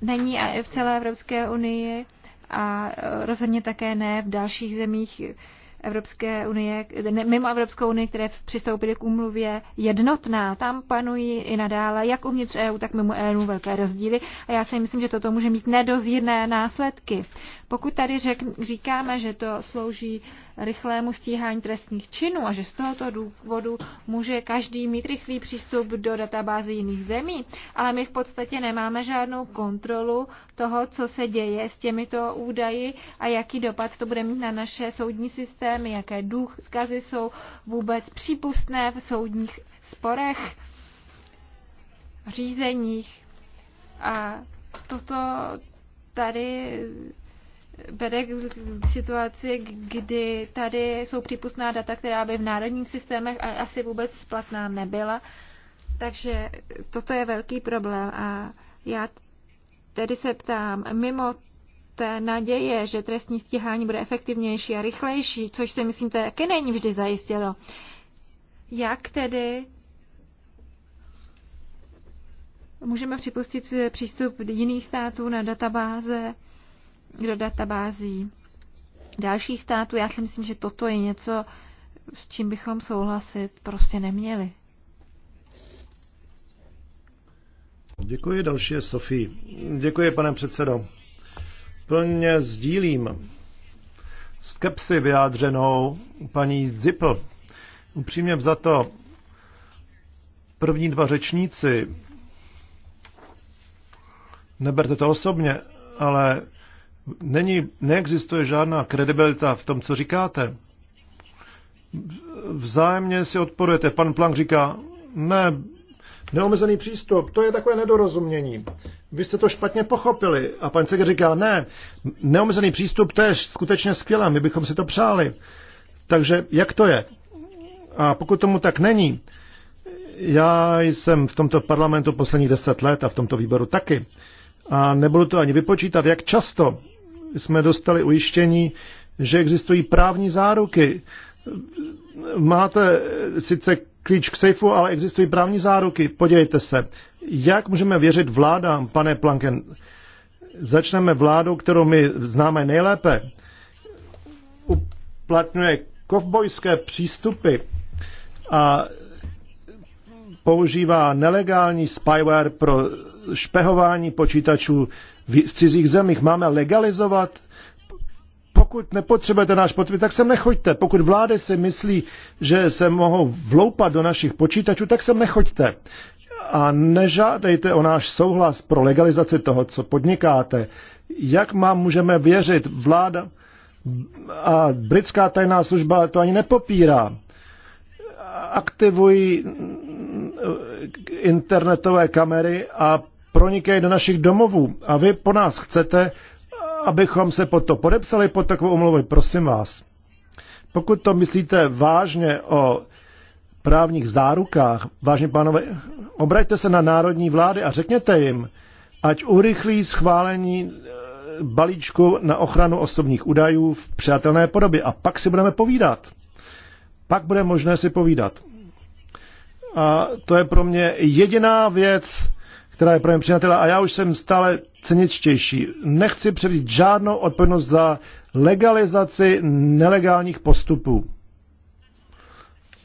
Speaker 3: není a v celé Evropské unii a e, rozhodně také ne v dalších zemích Evropské unie, mimo Evropskou unii, které přistoupily k úmluvě jednotná. Tam panují i nadále, jak uvnitř EU, tak mimo EU velké rozdíly a já si myslím, že toto může mít nedozírné následky. Pokud tady řek, říkáme, že to slouží rychlému stíhání trestních činů a že z tohoto důvodu může každý mít rychlý přístup do databázy jiných zemí, ale my v podstatě nemáme žádnou kontrolu toho, co se děje s těmito údaji a jaký dopad to bude mít na naše soudní systém problémy, jaké důkazy jsou vůbec přípustné v soudních sporech, řízeních. A toto tady vede k situaci, kdy tady jsou přípustná data, která by v národních systémech asi vůbec splatná nebyla. Takže toto je velký problém a já tedy se ptám, mimo té naděje, že trestní stíhání bude efektivnější a rychlejší, což si myslím také není vždy zajistilo. Jak tedy můžeme připustit přístup jiných států na databáze, do databází dalších států? Já si myslím, že toto je něco, s čím bychom souhlasit prostě neměli.
Speaker 2: Děkuji, další je Sofie. Děkuji, pane předsedo plně sdílím skepsi vyjádřenou paní Zipl. Upřímně za to první dva řečníci, neberte to osobně, ale není, neexistuje žádná kredibilita v tom, co říkáte. Vzájemně si odporujete. Pan Plank říká, ne, neomezený přístup, to je takové nedorozumění vy jste to špatně pochopili. A pan Seger říká, ne, neomezený přístup tež skutečně skvělé, my bychom si to přáli. Takže jak to je? A pokud tomu tak není, já jsem v tomto parlamentu posledních deset let a v tomto výboru taky. A nebudu to ani vypočítat, jak často jsme dostali ujištění, že existují právní záruky. Máte sice klíč k sejfu, ale existují právní záruky. Podívejte se, jak můžeme věřit vládám, pane Planken? Začneme vládou, kterou my známe nejlépe. Uplatňuje kovbojské přístupy a používá nelegální spyware pro špehování počítačů v cizích zemích. Máme legalizovat pokud nepotřebujete náš podpis, tak sem nechoďte. Pokud vlády si myslí, že se mohou vloupat do našich počítačů, tak sem nechoďte a nežádejte o náš souhlas pro legalizaci toho, co podnikáte. Jak mám můžeme věřit? Vláda a britská tajná služba to ani nepopírá. Aktivují internetové kamery a pronikají do našich domovů. A vy po nás chcete, abychom se pod to podepsali pod takovou umluvu. Prosím vás. Pokud to myslíte vážně o právních zárukách, vážně pánové, obraťte se na národní vlády a řekněte jim, ať urychlí schválení eh, balíčku na ochranu osobních údajů v přijatelné podobě. A pak si budeme povídat. Pak bude možné si povídat. A to je pro mě jediná věc, která je pro mě přijatelná. A já už jsem stále ceničtější. Nechci převzít žádnou odpovědnost za legalizaci nelegálních postupů.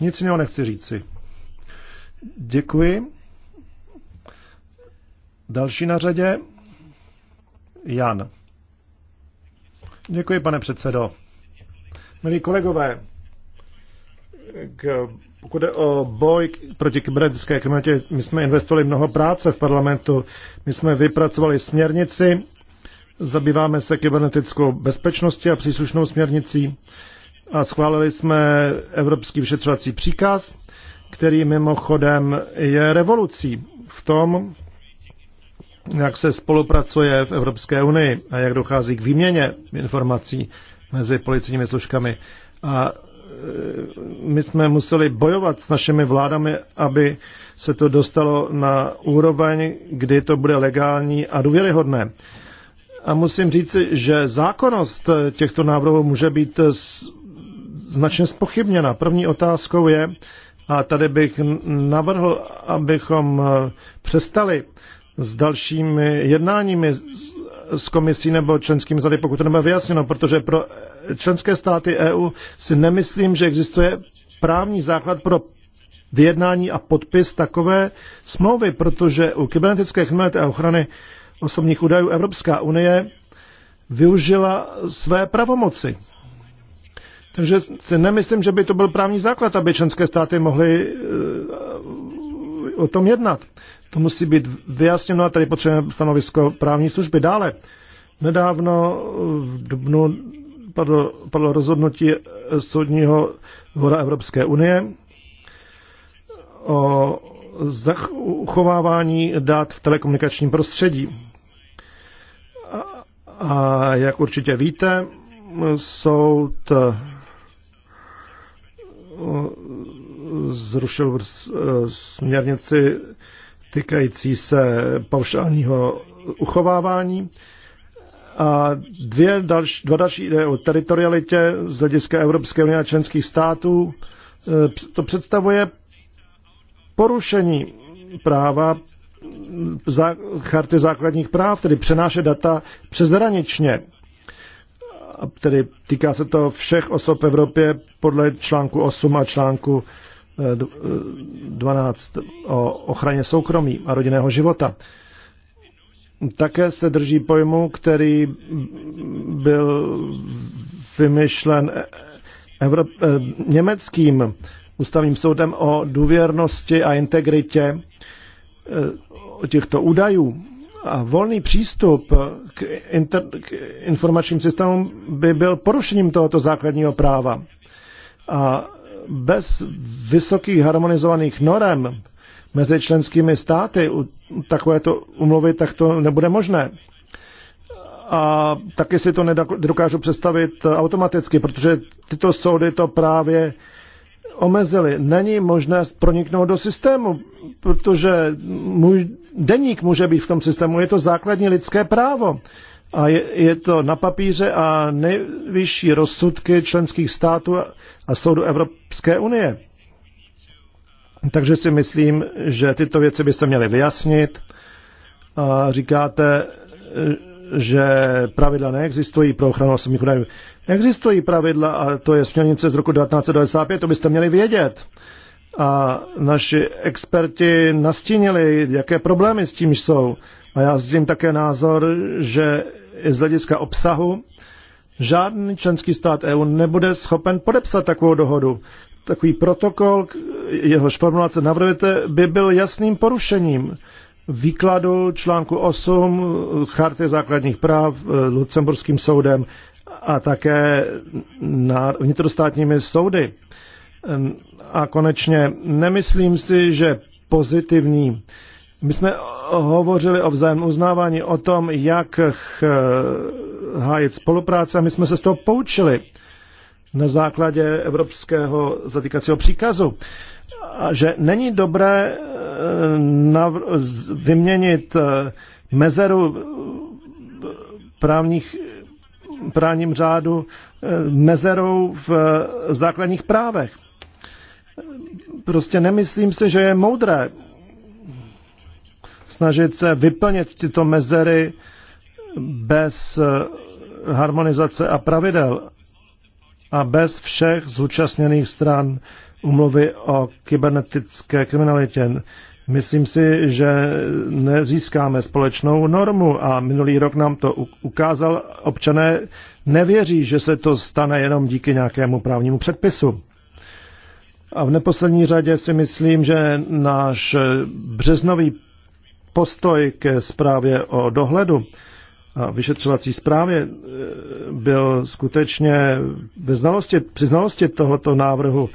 Speaker 2: Nic jiného nechci říci. Děkuji. Další na řadě Jan. Děkuji, pane předsedo. Milí kolegové, k, pokud je o boj proti kybernetické kriminalitě, my jsme investovali mnoho práce v parlamentu, my jsme vypracovali směrnici, zabýváme se kybernetickou bezpečností a příslušnou směrnicí a schválili jsme Evropský vyšetřovací příkaz, který mimochodem je revolucí v tom, jak se spolupracuje v Evropské unii a jak dochází k výměně informací mezi policijními služkami. A e, my jsme museli bojovat s našimi vládami, aby se to dostalo na úroveň, kdy to bude legální a důvěryhodné. A musím říci, že zákonnost těchto návrhů může být značně spochybněna. První otázkou je, a tady bych navrhl, abychom e, přestali s dalšími jednáními s komisí nebo členskými zady, pokud to nebude vyjasněno, protože pro členské státy EU si nemyslím, že existuje právní základ pro vyjednání a podpis takové smlouvy, protože u kybernetické kriminality a ochrany osobních údajů Evropská unie využila své pravomoci takže si nemyslím, že by to byl právní základ, aby členské státy mohly eh, o tom jednat. To musí být vyjasněno a tady potřebujeme stanovisko právní služby. Dále, nedávno v dubnu padlo, padlo rozhodnutí Soudního dvora Evropské unie o uchovávání dat v telekomunikačním prostředí. A, a jak určitě víte, soud zrušil eh, směrnici týkající se paušálního uchovávání. A dvě další, dva další jde o teritorialitě z hlediska Evropské unie a členských států. Eh, to představuje porušení práva charty základních práv, tedy přenášet data přezraničně tedy týká se to všech osob v Evropě podle článku 8 a článku 12 eh, eh, o ochraně soukromí a rodinného života. Také se drží pojmu, který byl vymyšlen eh, Evrop, německým ústavním soudem o důvěrnosti a integritě o těchto údajů. A volný přístup k, inter, k informačním systémům by byl porušením tohoto základního práva. A bez vysokých harmonizovaných norem mezi členskými státy u takovéto umluvy, tak to nebude možné. A taky si to nedokážu představit automaticky, protože tyto soudy to právě omezili. Není možné proniknout do systému, protože můj deník může být v tom systému. Je to základní lidské právo. A je, je to na papíře a nejvyšší rozsudky členských států a soudu Evropské unie. Takže si myslím, že tyto věci byste měli vyjasnit. A říkáte, že pravidla neexistují pro ochranu osobních údajů. Existují pravidla, a to je směrnice z roku 1995, to byste měli vědět. A naši experti nastínili, jaké problémy s tím jsou. A já sdílím také názor, že z hlediska obsahu žádný členský stát EU nebude schopen podepsat takovou dohodu. Takový protokol, jehož formulace navrhujete, by byl jasným porušením výkladu článku 8 Charty základních práv eh, Lucemburským soudem a také na vnitrostátními soudy. A konečně nemyslím si, že pozitivní. My jsme hovořili o vzájemném uznávání, o tom, jak hájit spolupráce a my jsme se z toho poučili na základě evropského zatýkacího příkazu, a že není dobré eh, vyměnit eh, mezeru eh, právních právním řádu eh, mezerou v eh, základních právech. Prostě nemyslím si, že je moudré snažit se vyplnit tyto mezery bez eh, harmonizace a pravidel a bez všech zúčastněných stran umluvy o kybernetické kriminalitě. Myslím si, že nezískáme společnou normu a minulý rok nám to ukázal. Občané nevěří, že se to stane jenom díky nějakému právnímu předpisu. A v neposlední řadě si myslím, že náš březnový postoj ke zprávě o dohledu a vyšetřovací zprávě e, byl skutečně ve znalosti, při znalosti tohoto návrhu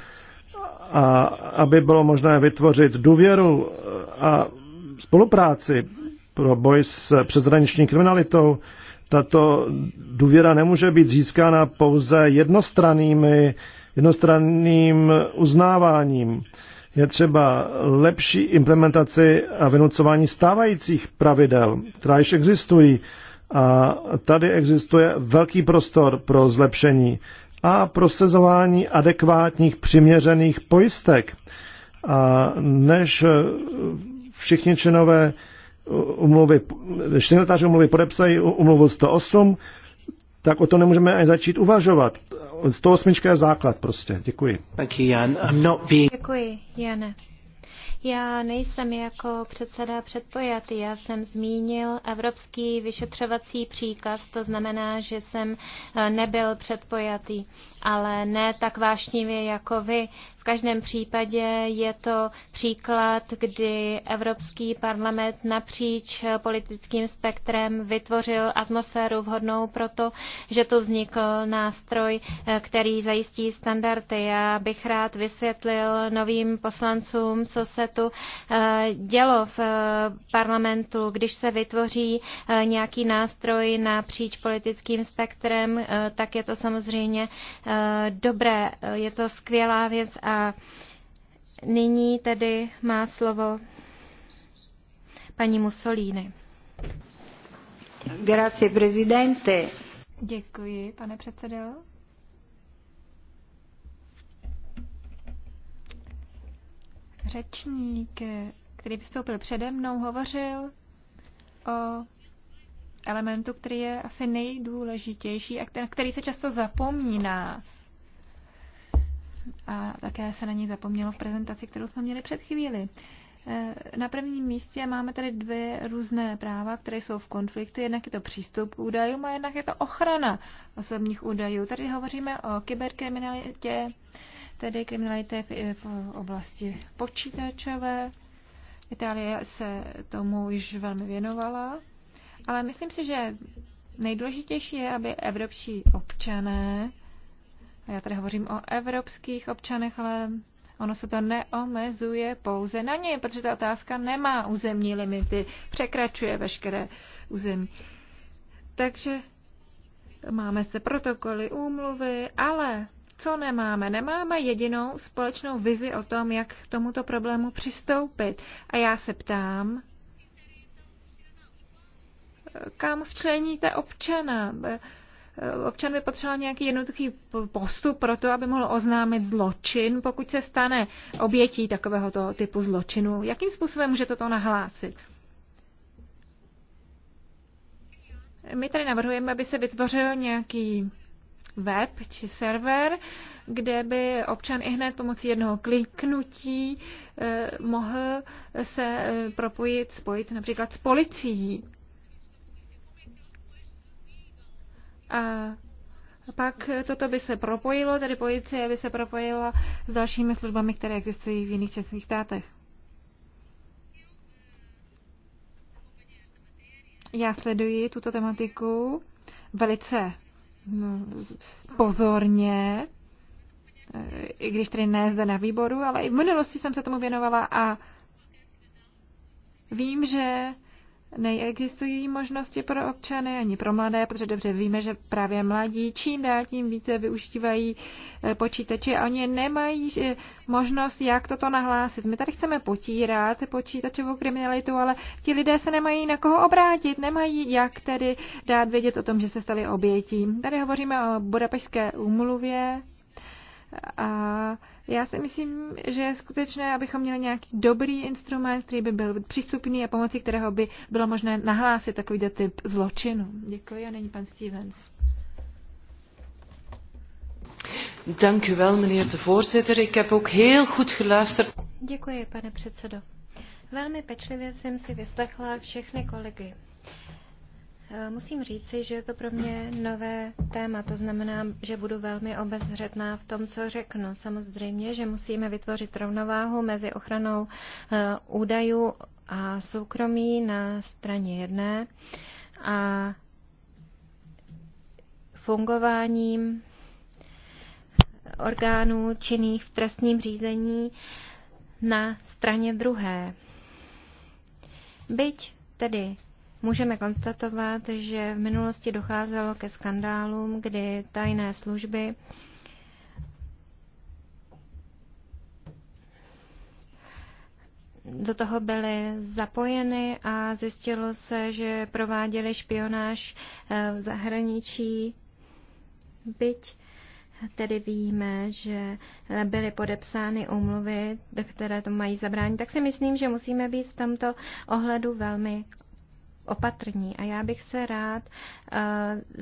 Speaker 2: a aby bylo možné vytvořit důvěru a spolupráci pro boj s přezraniční kriminalitou, tato důvěra nemůže být získána pouze jednostrannými, jednostranným uznáváním. Je třeba lepší implementaci a vynucování stávajících pravidel, která již existují. A tady existuje velký prostor pro zlepšení a prosazování adekvátních přiměřených pojistek. A než eh, všichni činové umluvy, signatáři umluvy podepsají umluvu 108, tak o to nemůžeme ani začít uvažovat. 108 je základ prostě. Děkuji. Děkuji, Jan.
Speaker 1: Děkuji, Jane. Já nejsem jako předseda předpojatý, já jsem zmínil evropský vyšetřovací příkaz, to znamená, že jsem eh, nebyl předpojatý, ale ne tak vášnivě jako vy každém případě je to příklad, kdy Evropský parlament napříč politickým spektrem vytvořil atmosféru vhodnou proto, že tu vznikl nástroj, eh, který zajistí standardy. Já bych rád vysvětlil novým poslancům, co se tu eh, dělo v eh, parlamentu, když se vytvoří nějaký nástroj napříč politickým spektrem, tak je to samozřejmě dobré, je to skvělá věc a a nyní tedy má slovo paní Mussolini.
Speaker 3: Grazie, prezidente. Děkuji, pane předsedo. Řečník, který vystoupil přede mnou, hovořil o elementu, který je asi nejdůležitější a který se často zapomíná a také se na ní zapomnělo v prezentaci, kterou jsme měli před chvíli. E, na prvním místě máme tady dvě různé práva, které jsou v konfliktu. Jednak je to přístup k údajům a jednak je to ochrana osobních údajů. Tady hovoříme o kyberkriminalitě, tedy kriminalitě v oblasti počítačové. Itálie se tomu již velmi věnovala, ale myslím si, že nejdůležitější je, aby evropští občané a já tady hovořím o evropských občanech, ale ono se to neomezuje pouze na ně, protože ta otázka nemá územní limity, překračuje veškeré území. Takže máme se protokoly, úmluvy, ale co nemáme? Nemáme jedinou společnou vizi o tom, jak k tomuto problému přistoupit. A já se ptám, kam včleníte občana? občan by potřeboval nějaký jednoduchý postup pro to, aby mohl oznámit zločin, pokud se stane obětí takového typu zločinu. Jakým způsobem může toto nahlásit? My tady navrhujeme, aby se vytvořil nějaký web či server, kde by občan i hned pomocí jednoho kliknutí eh, mohl se eh, propojit, spojit například s policií. A pak toto by se propojilo, tedy policie by se propojila s dalšími službami, které existují v jiných českých státech. Já sleduji tuto tematiku velice no, pozorně, eh, i když tedy ne zde na výboru, ale i v minulosti jsem se tomu věnovala a vím, že Neexistují možnosti pro občany ani pro mladé, protože dobře víme, že právě mladí čím dál tím více využívají eh, počítače a oni nemají eh, možnost, jak toto nahlásit. My tady chceme potírat počítačovou kriminalitu, ale ti lidé se nemají na koho obrátit, nemají jak tedy dát vědět o tom, že se stali obětím. Tady hovoříme o Budapešské úmluvě a já si myslím, že je skutečné, abychom měli nějaký dobrý instrument, který by byl přístupný a pomocí kterého by bylo možné nahlásit takový typ zločinu. Děkuji a není pan Stevens. Dank u wel, meneer de voorzitter. Ik heb ook heel goed geluisterd.
Speaker 1: Děkuji, pane předsedo. Velmi pečlivě jsem si vyslechla všechny kolegy. Eh, musím říci, že je to pro mě nové téma, to znamená, že budu velmi obezřetná v tom, co řeknu. Samozřejmě, že musíme vytvořit rovnováhu mezi ochranou eh, údajů a soukromí na straně jedné a fungováním orgánů činných v trestním řízení na straně druhé. Byť tedy můžeme konstatovat, že v minulosti docházelo ke skandálům, kdy tajné služby do toho byly zapojeny a zjistilo se, že prováděli špionáž eh, v zahraničí, byť tedy víme, že eh, byly podepsány umluvy, které to mají zabránit, tak si myslím, že musíme být v tomto ohledu velmi opatrní. A já bych se rád eh,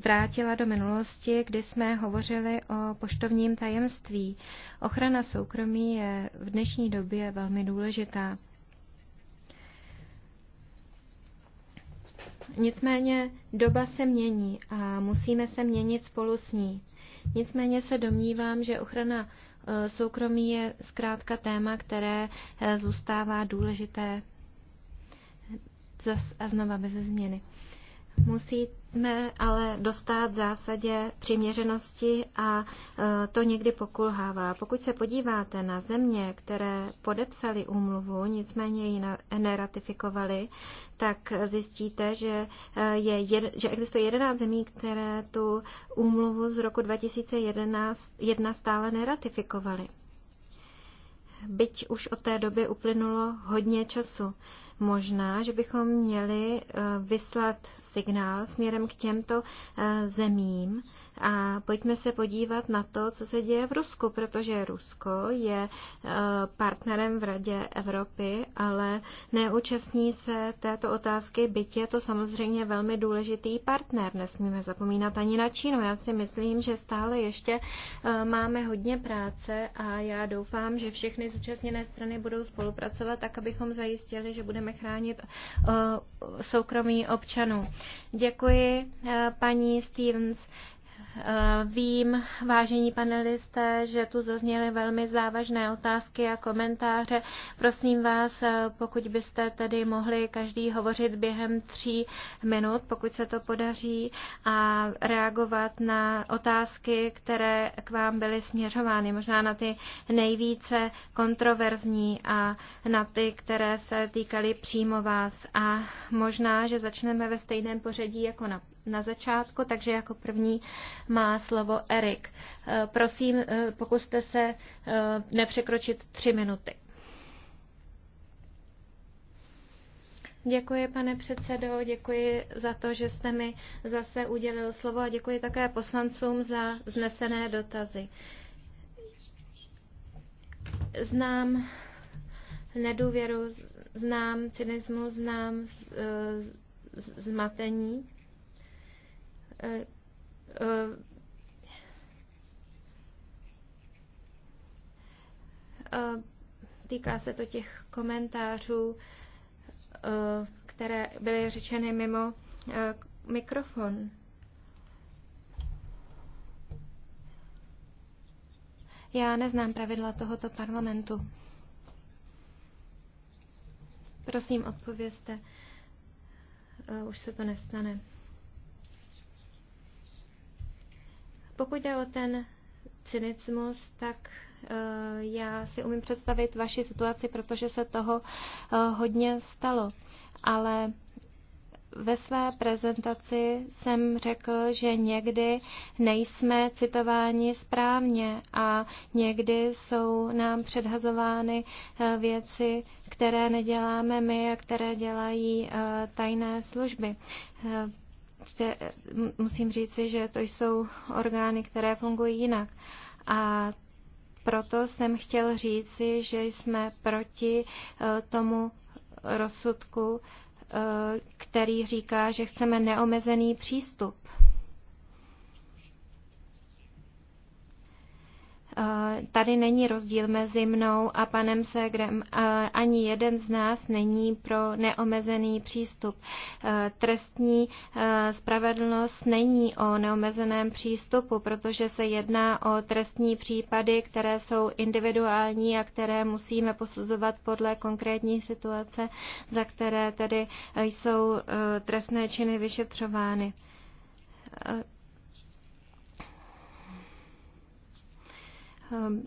Speaker 1: vrátila do minulosti, kdy jsme hovořili o poštovním tajemství. Ochrana soukromí je v dnešní době velmi důležitá. Nicméně doba se mění a musíme se měnit spolu s ní. Nicméně se domnívám, že ochrana eh, soukromí je zkrátka téma, které eh, zůstává důležité zas a znova bez změny. Musíme ale dostat zásadě přiměřenosti a e, to někdy pokulhává. Pokud se podíváte na země, které podepsali úmluvu, nicméně ji neratifikovali, tak zjistíte, že, e, je, že existuje 11 zemí, které tu úmluvu z roku 2011 stále neratifikovali byť už od té doby uplynulo hodně času. Možná, že bychom měli eh, vyslat signál směrem k těmto eh, zemím, a pojďme se podívat na to, co se děje v Rusku, protože Rusko je eh, partnerem v Radě Evropy, ale neúčastní se této otázky, byť je to samozřejmě velmi důležitý partner. Nesmíme zapomínat ani na Čínu. Já si myslím, že stále ještě eh, máme hodně práce a já doufám, že všechny zúčastněné strany budou spolupracovat tak, abychom zajistili, že budeme chránit eh, soukromí občanů. Děkuji, paní Stevens. Vím, vážení panelisté, že tu zazněly velmi závažné otázky a komentáře. Prosím vás, pokud byste tedy mohli každý hovořit během tří minut, pokud se to podaří, a reagovat na otázky, které k vám byly směřovány, možná na ty nejvíce kontroverzní a na ty, které se týkaly přímo vás. A možná, že začneme ve stejném pořadí jako na na začátku, takže jako první má slovo Erik. Eh, prosím, eh, pokuste se eh, nepřekročit tři minuty. Děkuji, pane předsedo, děkuji za to, že jste mi zase udělil slovo a děkuji také poslancům za znesené dotazy. Znám nedůvěru, znám cynismu, znám zmatení Eh, eh, eh, týká se to těch komentářů, které byly řečeny mimo mikrofon. Já neznám pravidla tohoto parlamentu. Prosím, odpovězte. Už se to nestane. Pokud jde o ten cynismus, tak eh, já si umím představit vaši situaci, protože se toho eh, hodně stalo. Ale ve své prezentaci jsem řekl, že někdy nejsme citováni správně a někdy jsou nám předhazovány eh, věci, které neděláme my a které dělají tajné služby prostě musím říci, že to jsou orgány, které fungují jinak. A proto jsem chtěl říci, že jsme proti eh, tomu rozsudku, eh, který říká, že chceme neomezený přístup Tady není rozdíl mezi mnou a panem Segrem. Ani jeden z nás není pro neomezený přístup. E, trestní e, spravedlnost není o neomezeném přístupu, protože se jedná o trestní případy, které jsou individuální a které musíme posuzovat podle konkrétní situace, za které tedy jsou e, trestné činy vyšetřovány Ehm,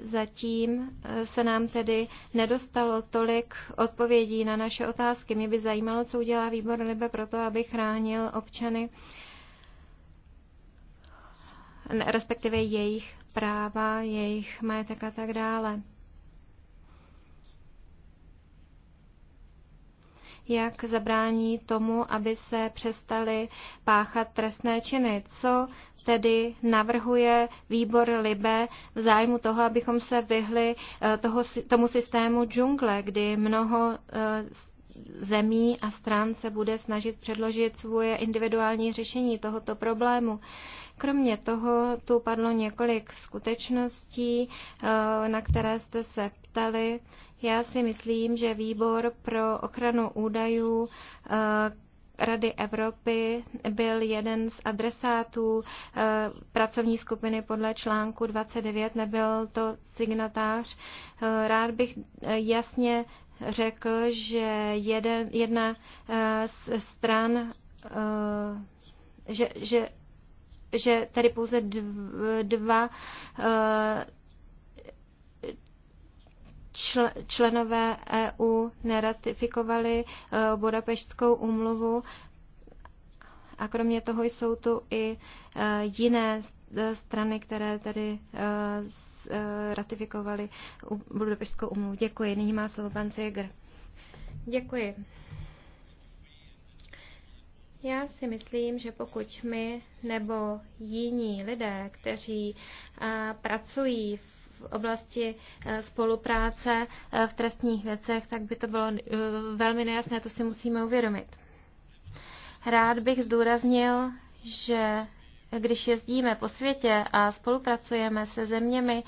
Speaker 1: zatím eh, se nám tedy nedostalo tolik odpovědí na naše otázky. Mě by zajímalo, co udělá výbor Libe pro to, aby chránil občany, respektive jejich práva, jejich majetek a tak dále. jak zabrání tomu, aby se přestali páchat trestné činy. Co tedy navrhuje výbor Libe v zájmu toho, abychom se vyhli eh, toho, tomu systému džungle, kdy mnoho eh, zemí a stran se bude snažit předložit svoje individuální řešení tohoto problému. Kromě toho tu padlo několik skutečností, eh, na které jste se ptali. Já si myslím, že výbor pro ochranu údajů eh, Rady Evropy byl jeden z adresátů eh, pracovní skupiny podle článku 29, nebyl to signatář. Eh, rád bych jasně řekl, že jeden, jedna z stran, že, že, že tady pouze dva čl- členové EU neratifikovali eh, Budapeštskou umluvu. a kromě toho jsou tu i eh, jiné eh, strany, které tedy ratifikovaly Budapeštskou umluvu. Děkuji. Nyní má slovo pan Zegr. Děkuji. Já si myslím, že pokud my nebo jiní lidé, kteří pracují v v oblasti eh, spolupráce eh, v trestních věcech, tak by to bylo eh, velmi nejasné, to si musíme uvědomit. Rád bych zdůraznil, že když jezdíme po světě a spolupracujeme se zeměmi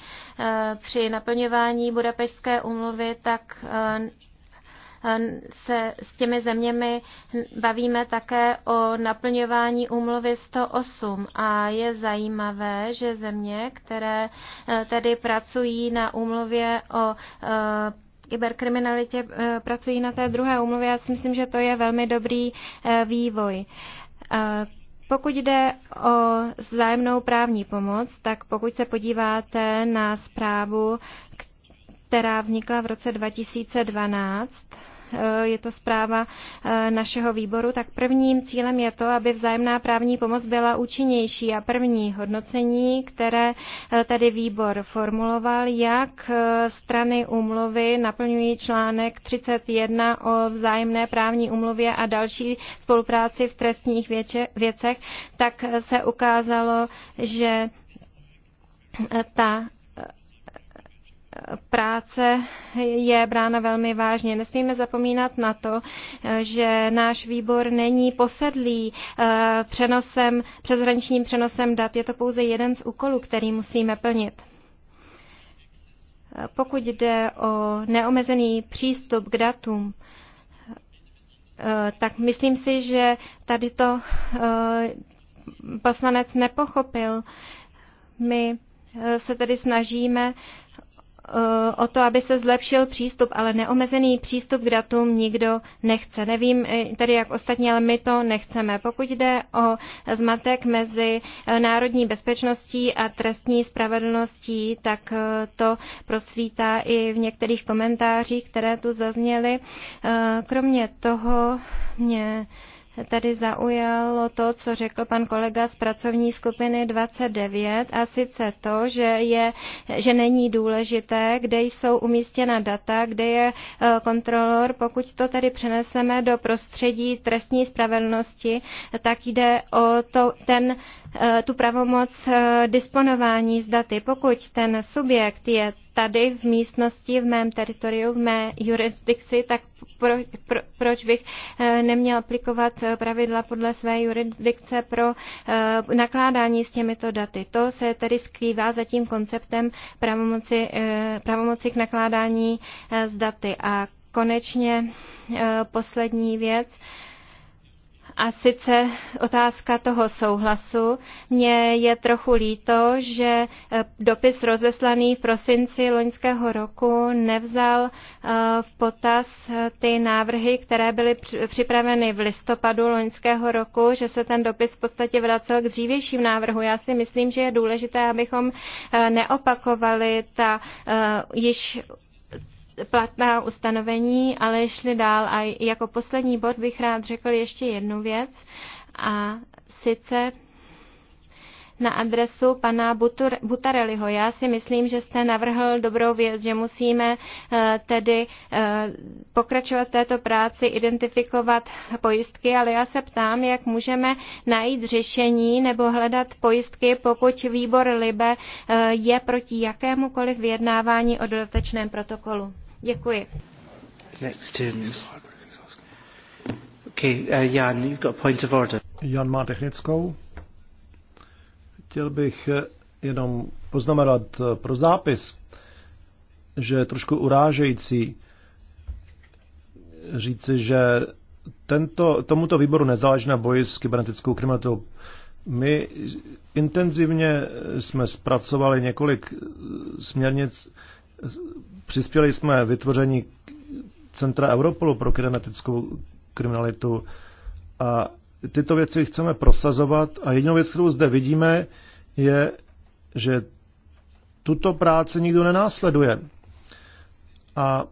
Speaker 1: při naplňování Budapešské umluvy, tak se s těmi zeměmi bavíme také o naplňování úmluvy 108 a je zajímavé, že země, které eh, tedy pracují na úmluvě o eh, kyberkriminalitě, eh, pracují na té druhé úmluvě. Já si myslím, že to je velmi dobrý vývoj. Pokud jde o vzájemnou právní pomoc, tak pokud se podíváte na zprávu, která vznikla v roce 2012, Eh, je to zpráva eh, našeho výboru, tak prvním cílem je to, aby vzájemná právní pomoc byla účinnější. A první hodnocení, které eh, tady výbor formuloval, jak strany úmluvy naplňují článek 31 o vzájemné právní umluvě a další spolupráci v trestních věcech, tak se ukázalo, že ta práce je brána velmi vážně. Nesmíme zapomínat na to, že náš výbor není posedlý eh, přenosem, přeshraničním přenosem dat. Je to pouze jeden z úkolů, který musíme plnit. Pokud jde o neomezený přístup k datům, eh, tak myslím si, že tady to eh, poslanec nepochopil. My se tedy snažíme Eh, o to, aby se zlepšil přístup, ale neomezený přístup k datům nikdo nechce. Nevím eh, tady jak ostatní, ale my to nechceme. Pokud jde o zmatek mezi eh, národní bezpečností a trestní spravedlností, tak to prosvítá i v některých komentářích, které tu zazněly. Kromě toho mě tady zaujalo to, co řekl pan kolega z pracovní skupiny 29, a sice to, že, je, že není důležité, kde jsou umístěna data, kde je eh, kontrolor. Pokud to tady přeneseme do prostředí trestní spravedlnosti, tak jde o to, ten, eh, tu pravomoc eh, disponování z daty. Pokud ten subjekt je tady v místnosti, v mém teritoriu, v mé jurisdikci, tak pro, pro, proč bych eh, neměl aplikovat eh, pravidla podle své jurisdikce pro eh, nakládání s těmito daty. To se tedy skrývá za tím konceptem pravomoci, pravomoci k nakládání s daty. A konečně poslední věc. A sice otázka toho souhlasu. Mně je trochu líto, že eh, dopis rozeslaný v prosinci loňského roku nevzal eh, v potaz eh, ty návrhy, které byly připraveny v listopadu loňského roku, že se ten dopis v podstatě vracel k dřívějším návrhu. Já si myslím, že je důležité, abychom neopakovali ta již platná ustanovení, ale šli dál. A jako poslední bod bych rád řekl ještě jednu věc, a sice na adresu pana Butur, Butareliho. Já si myslím, že jste navrhl dobrou věc, že musíme eh, tedy eh, pokračovat této práci, identifikovat pojistky, ale já se ptám, jak můžeme najít řešení nebo hledat pojistky, pokud výbor Libe eh, je proti jakémukoliv vyjednávání o dodatečném protokolu. Děkuji. Next Okay, uh, Jan,
Speaker 2: you've got a point of order. Jan má technickou. Chtěl bych eh, jenom poznamenat eh, pro zápis, že je trošku urážející říci, že tento, tomuto výboru nezáleží na boji s kybernetickou kriminalitou. My intenzivně eh, jsme zpracovali několik směrnic Přispěli jsme vytvoření Centra Europolu pro kybernetickou kriminalitu a tyto věci chceme prosazovat a jedinou věc, kterou zde vidíme, je, že tuto práci nikdo nenásleduje. A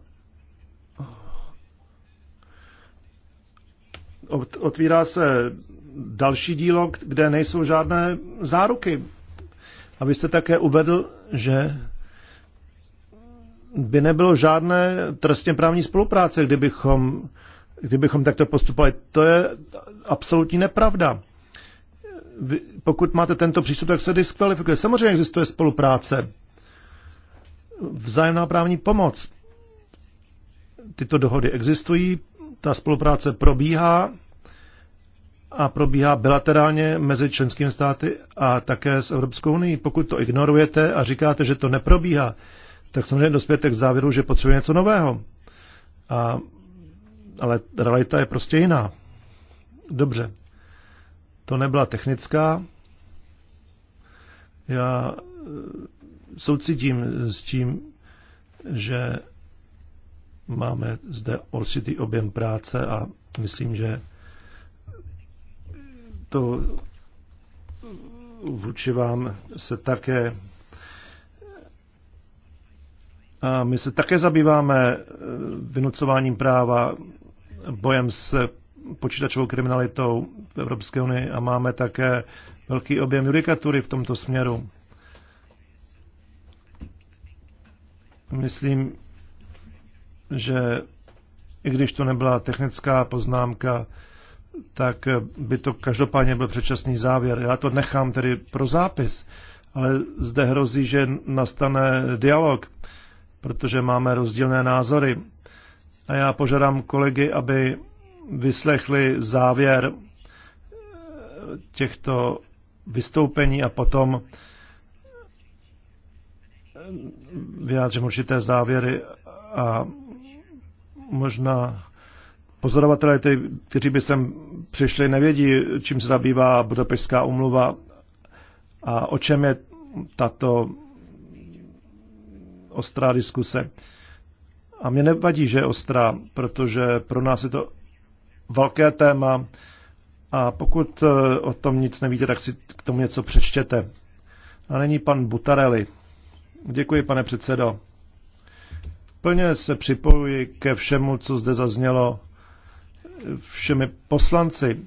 Speaker 2: otvírá se další dílo, kde nejsou žádné záruky. A vy jste také uvedl, že by nebylo žádné trestně právní spolupráce, kdybychom, kdybychom takto postupovali. To je absolutní nepravda. Vy, pokud máte tento přístup, tak se diskvalifikuje. Samozřejmě existuje spolupráce, vzájemná právní pomoc. Tyto dohody existují, ta spolupráce probíhá a probíhá bilaterálně mezi členskými státy a také s Evropskou unii. Pokud to ignorujete a říkáte, že to neprobíhá, tak samozřejmě dospějete k závěru, že potřebujeme něco nového. A, ale realita je prostě jiná. Dobře. To nebyla technická. Já eh, soucitím s tím, že máme zde určitý objem práce a myslím, že to vůči vám se také a my se také zabýváme eh, vynucováním práva, bojem s počítačovou kriminalitou v Evropské unii a máme také velký objem judikatury v tomto směru. Myslím, že i když to nebyla technická poznámka, tak by to každopádně byl předčasný závěr. Já to nechám tedy pro zápis, ale zde hrozí, že nastane dialog protože máme rozdílné názory. A já požádám kolegy, aby vyslechli závěr eh, těchto vystoupení a potom eh, vyjádřím určité závěry a možná pozorovatelé, kteří by sem přišli, nevědí, čím se zabývá Budapešská umluva a o čem je tato ostrá diskuse. A mě nevadí, že je ostrá, protože pro nás je to velké téma a pokud eh, o tom nic nevíte, tak si k tomu něco přečtěte. A není pan Butarelli. Děkuji, pane předsedo. Plně se připojuji ke všemu, co zde zaznělo všemi poslanci,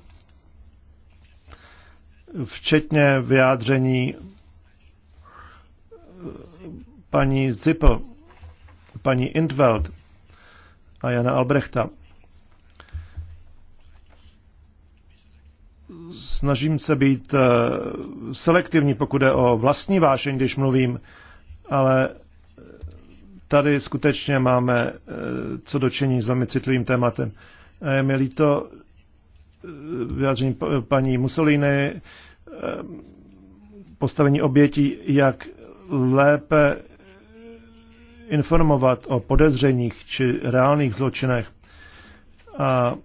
Speaker 2: včetně vyjádření paní Zippel, paní Intveld a Jana Albrechta. Snažím se být eh, selektivní, pokud je o vlastní vášeň, když mluvím, ale tady skutečně máme eh, co dočení s velmi citlivým tématem. je mi líto eh, vyjádření paní Mussolini, postavení obětí, jak lépe informovat o podezřeních či reálných zločinech. A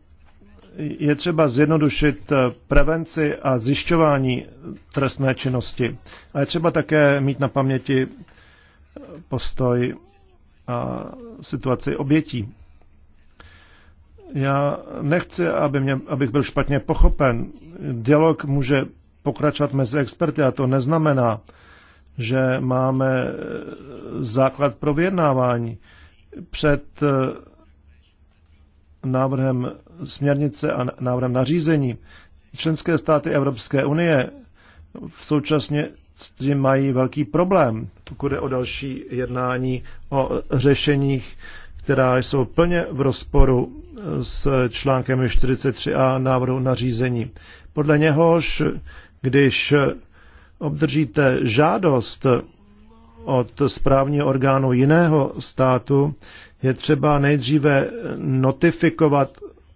Speaker 2: je třeba zjednodušit prevenci a zjišťování trestné činnosti. A je třeba také mít na paměti postoj a situaci obětí. Já nechci, aby mě, abych byl špatně pochopen. Dialog může pokračovat mezi experty a to neznamená, že máme eh, základ pro vyjednávání. Před eh, návrhem směrnice a návrhem nařízení členské státy Evropské unie v současně s tím mají velký problém, pokud je o další jednání o eh, řešeních, která jsou plně v rozporu s článkem 43a návrhu nařízení. Podle něhož, když obdržíte žádost od správního orgánu jiného státu, je třeba nejdříve notifikovat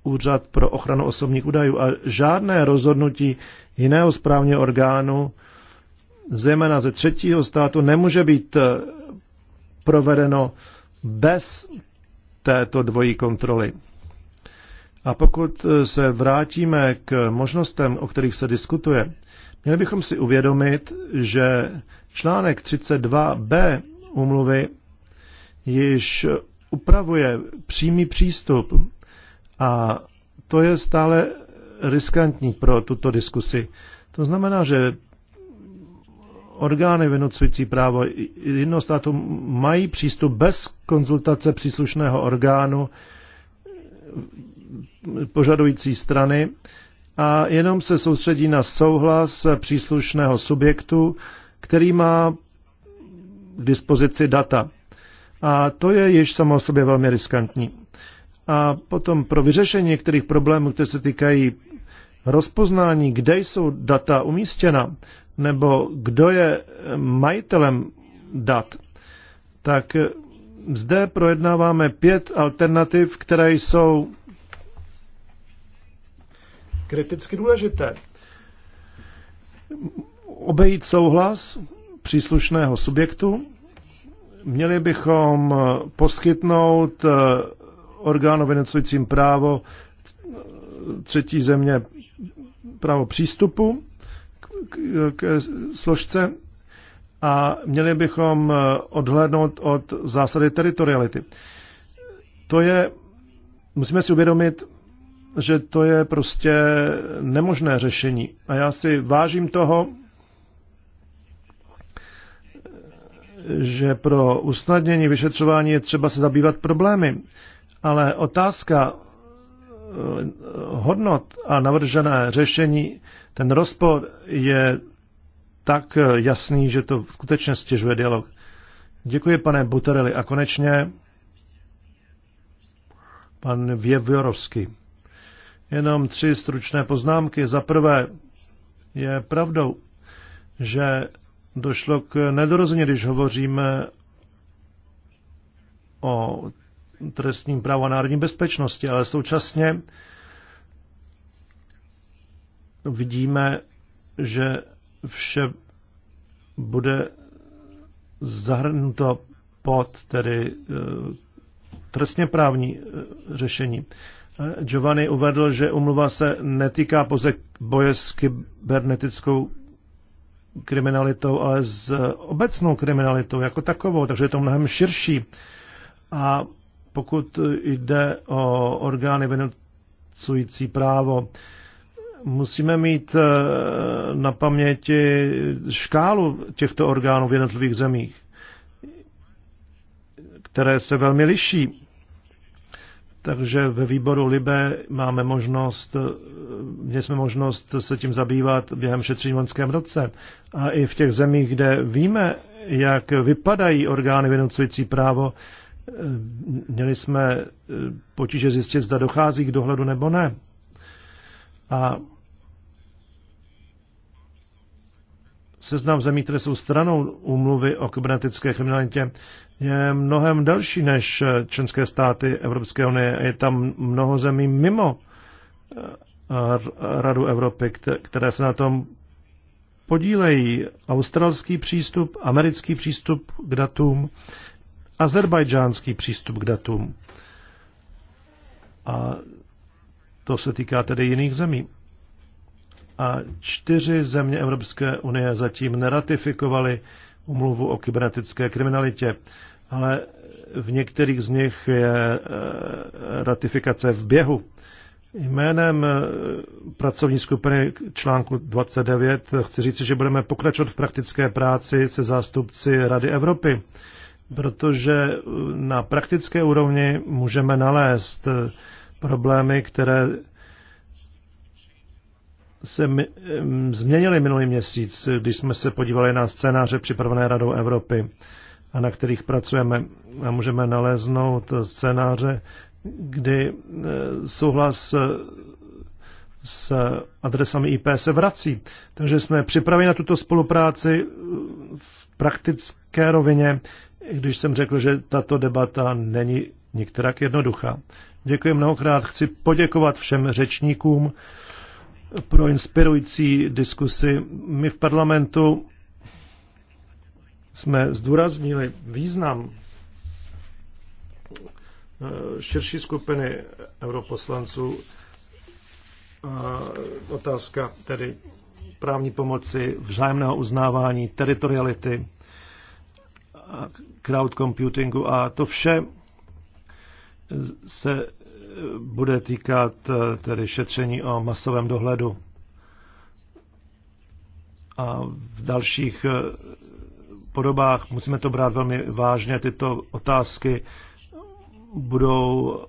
Speaker 2: Úřad pro ochranu osobních údajů a žádné rozhodnutí jiného správního orgánu, zejména ze třetího státu, nemůže být provedeno bez této dvojí kontroly. A pokud se vrátíme k možnostem, o kterých se diskutuje, Měli bychom si uvědomit, že článek 32b umluvy již upravuje přímý přístup a to je stále riskantní pro tuto diskusi. To znamená, že orgány vynucující právo jednoho státu mají přístup bez konzultace příslušného orgánu požadující strany a jenom se soustředí na souhlas příslušného subjektu, který má k dispozici data. A to je již samo o sobě velmi riskantní. A potom pro vyřešení některých problémů, které se týkají rozpoznání, kde jsou data umístěna, nebo kdo je majitelem dat, tak zde projednáváme pět alternativ, které jsou kriticky důležité. Obejít souhlas příslušného subjektu, měli bychom poskytnout eh, orgánu vynecujícím právo eh, třetí země právo přístupu k složce a měli bychom eh, odhlédnout od zásady teritoriality. To je, musíme si uvědomit, že to je prostě nemožné řešení. A já si vážím toho, že pro usnadnění vyšetřování je třeba se zabývat problémy. Ale otázka eh, hodnot a navržené řešení, ten rozpor je tak jasný, že to skutečně stěžuje dialog. Děkuji, pane Butereli. A konečně pan Věvjorovský. Jenom tři stručné poznámky. Za prvé, je pravdou, že došlo k nedorozumění, když hovoříme o trestním právu a národní bezpečnosti, ale současně vidíme, že vše bude zahrnuto pod tedy eh, trestně právní eh, řešení. Giovanni uvedl, že umluva se netýká pouze boje s kybernetickou kriminalitou, ale s obecnou kriminalitou jako takovou, takže je to mnohem širší. A pokud jde o orgány vynucující právo, musíme mít eh, na paměti škálu těchto orgánů v jednotlivých zemích, které se velmi liší takže ve výboru Libe máme možnost, měli jsme možnost se tím zabývat během šetření v loňském roce. A i v těch zemích, kde víme, jak vypadají orgány vynucující právo, měli jsme potíže zjistit, zda dochází k dohledu nebo ne. A Seznam zemí, které jsou stranou úmluvy o kybernetické kriminalitě, je mnohem delší než členské státy Evropské unie. Je tam mnoho zemí mimo eh, Radu Evropy, které se na tom podílejí. Australský přístup, americký přístup k datům, azerbajdžánský přístup k datům. A to se týká tedy jiných zemí a čtyři země Evropské unie zatím neratifikovaly umluvu o kybernetické kriminalitě, ale v některých z nich je eh, ratifikace v běhu. Jménem eh, pracovní skupiny článku 29 chci říct, že budeme pokračovat v praktické práci se zástupci Rady Evropy, protože eh, na praktické úrovni můžeme nalézt problémy, které se změnily minulý měsíc, když jsme se podívali na scénáře připravené Radou Evropy a na kterých pracujeme. A můžeme naleznout scénáře, kdy e, souhlas e, s adresami IP se vrací. Takže jsme připraveni na tuto spolupráci v praktické rovině, když jsem řekl, že tato debata není nikterak jednoduchá. Děkuji mnohokrát, chci poděkovat všem řečníkům, pro inspirující diskusy. My v parlamentu jsme zdůraznili význam eh, širší skupiny europoslanců. A otázka tedy právní pomoci, vzájemného uznávání, teritoriality, crowd computingu a to vše se bude týkat eh, tedy šetření o masovém dohledu. A v dalších eh, podobách musíme to brát velmi vážně. Tyto otázky budou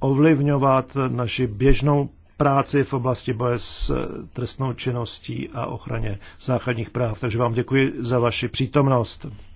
Speaker 2: ovlivňovat naši běžnou práci v oblasti boje s eh, trestnou činností a ochraně základních práv. Takže vám děkuji za vaši přítomnost.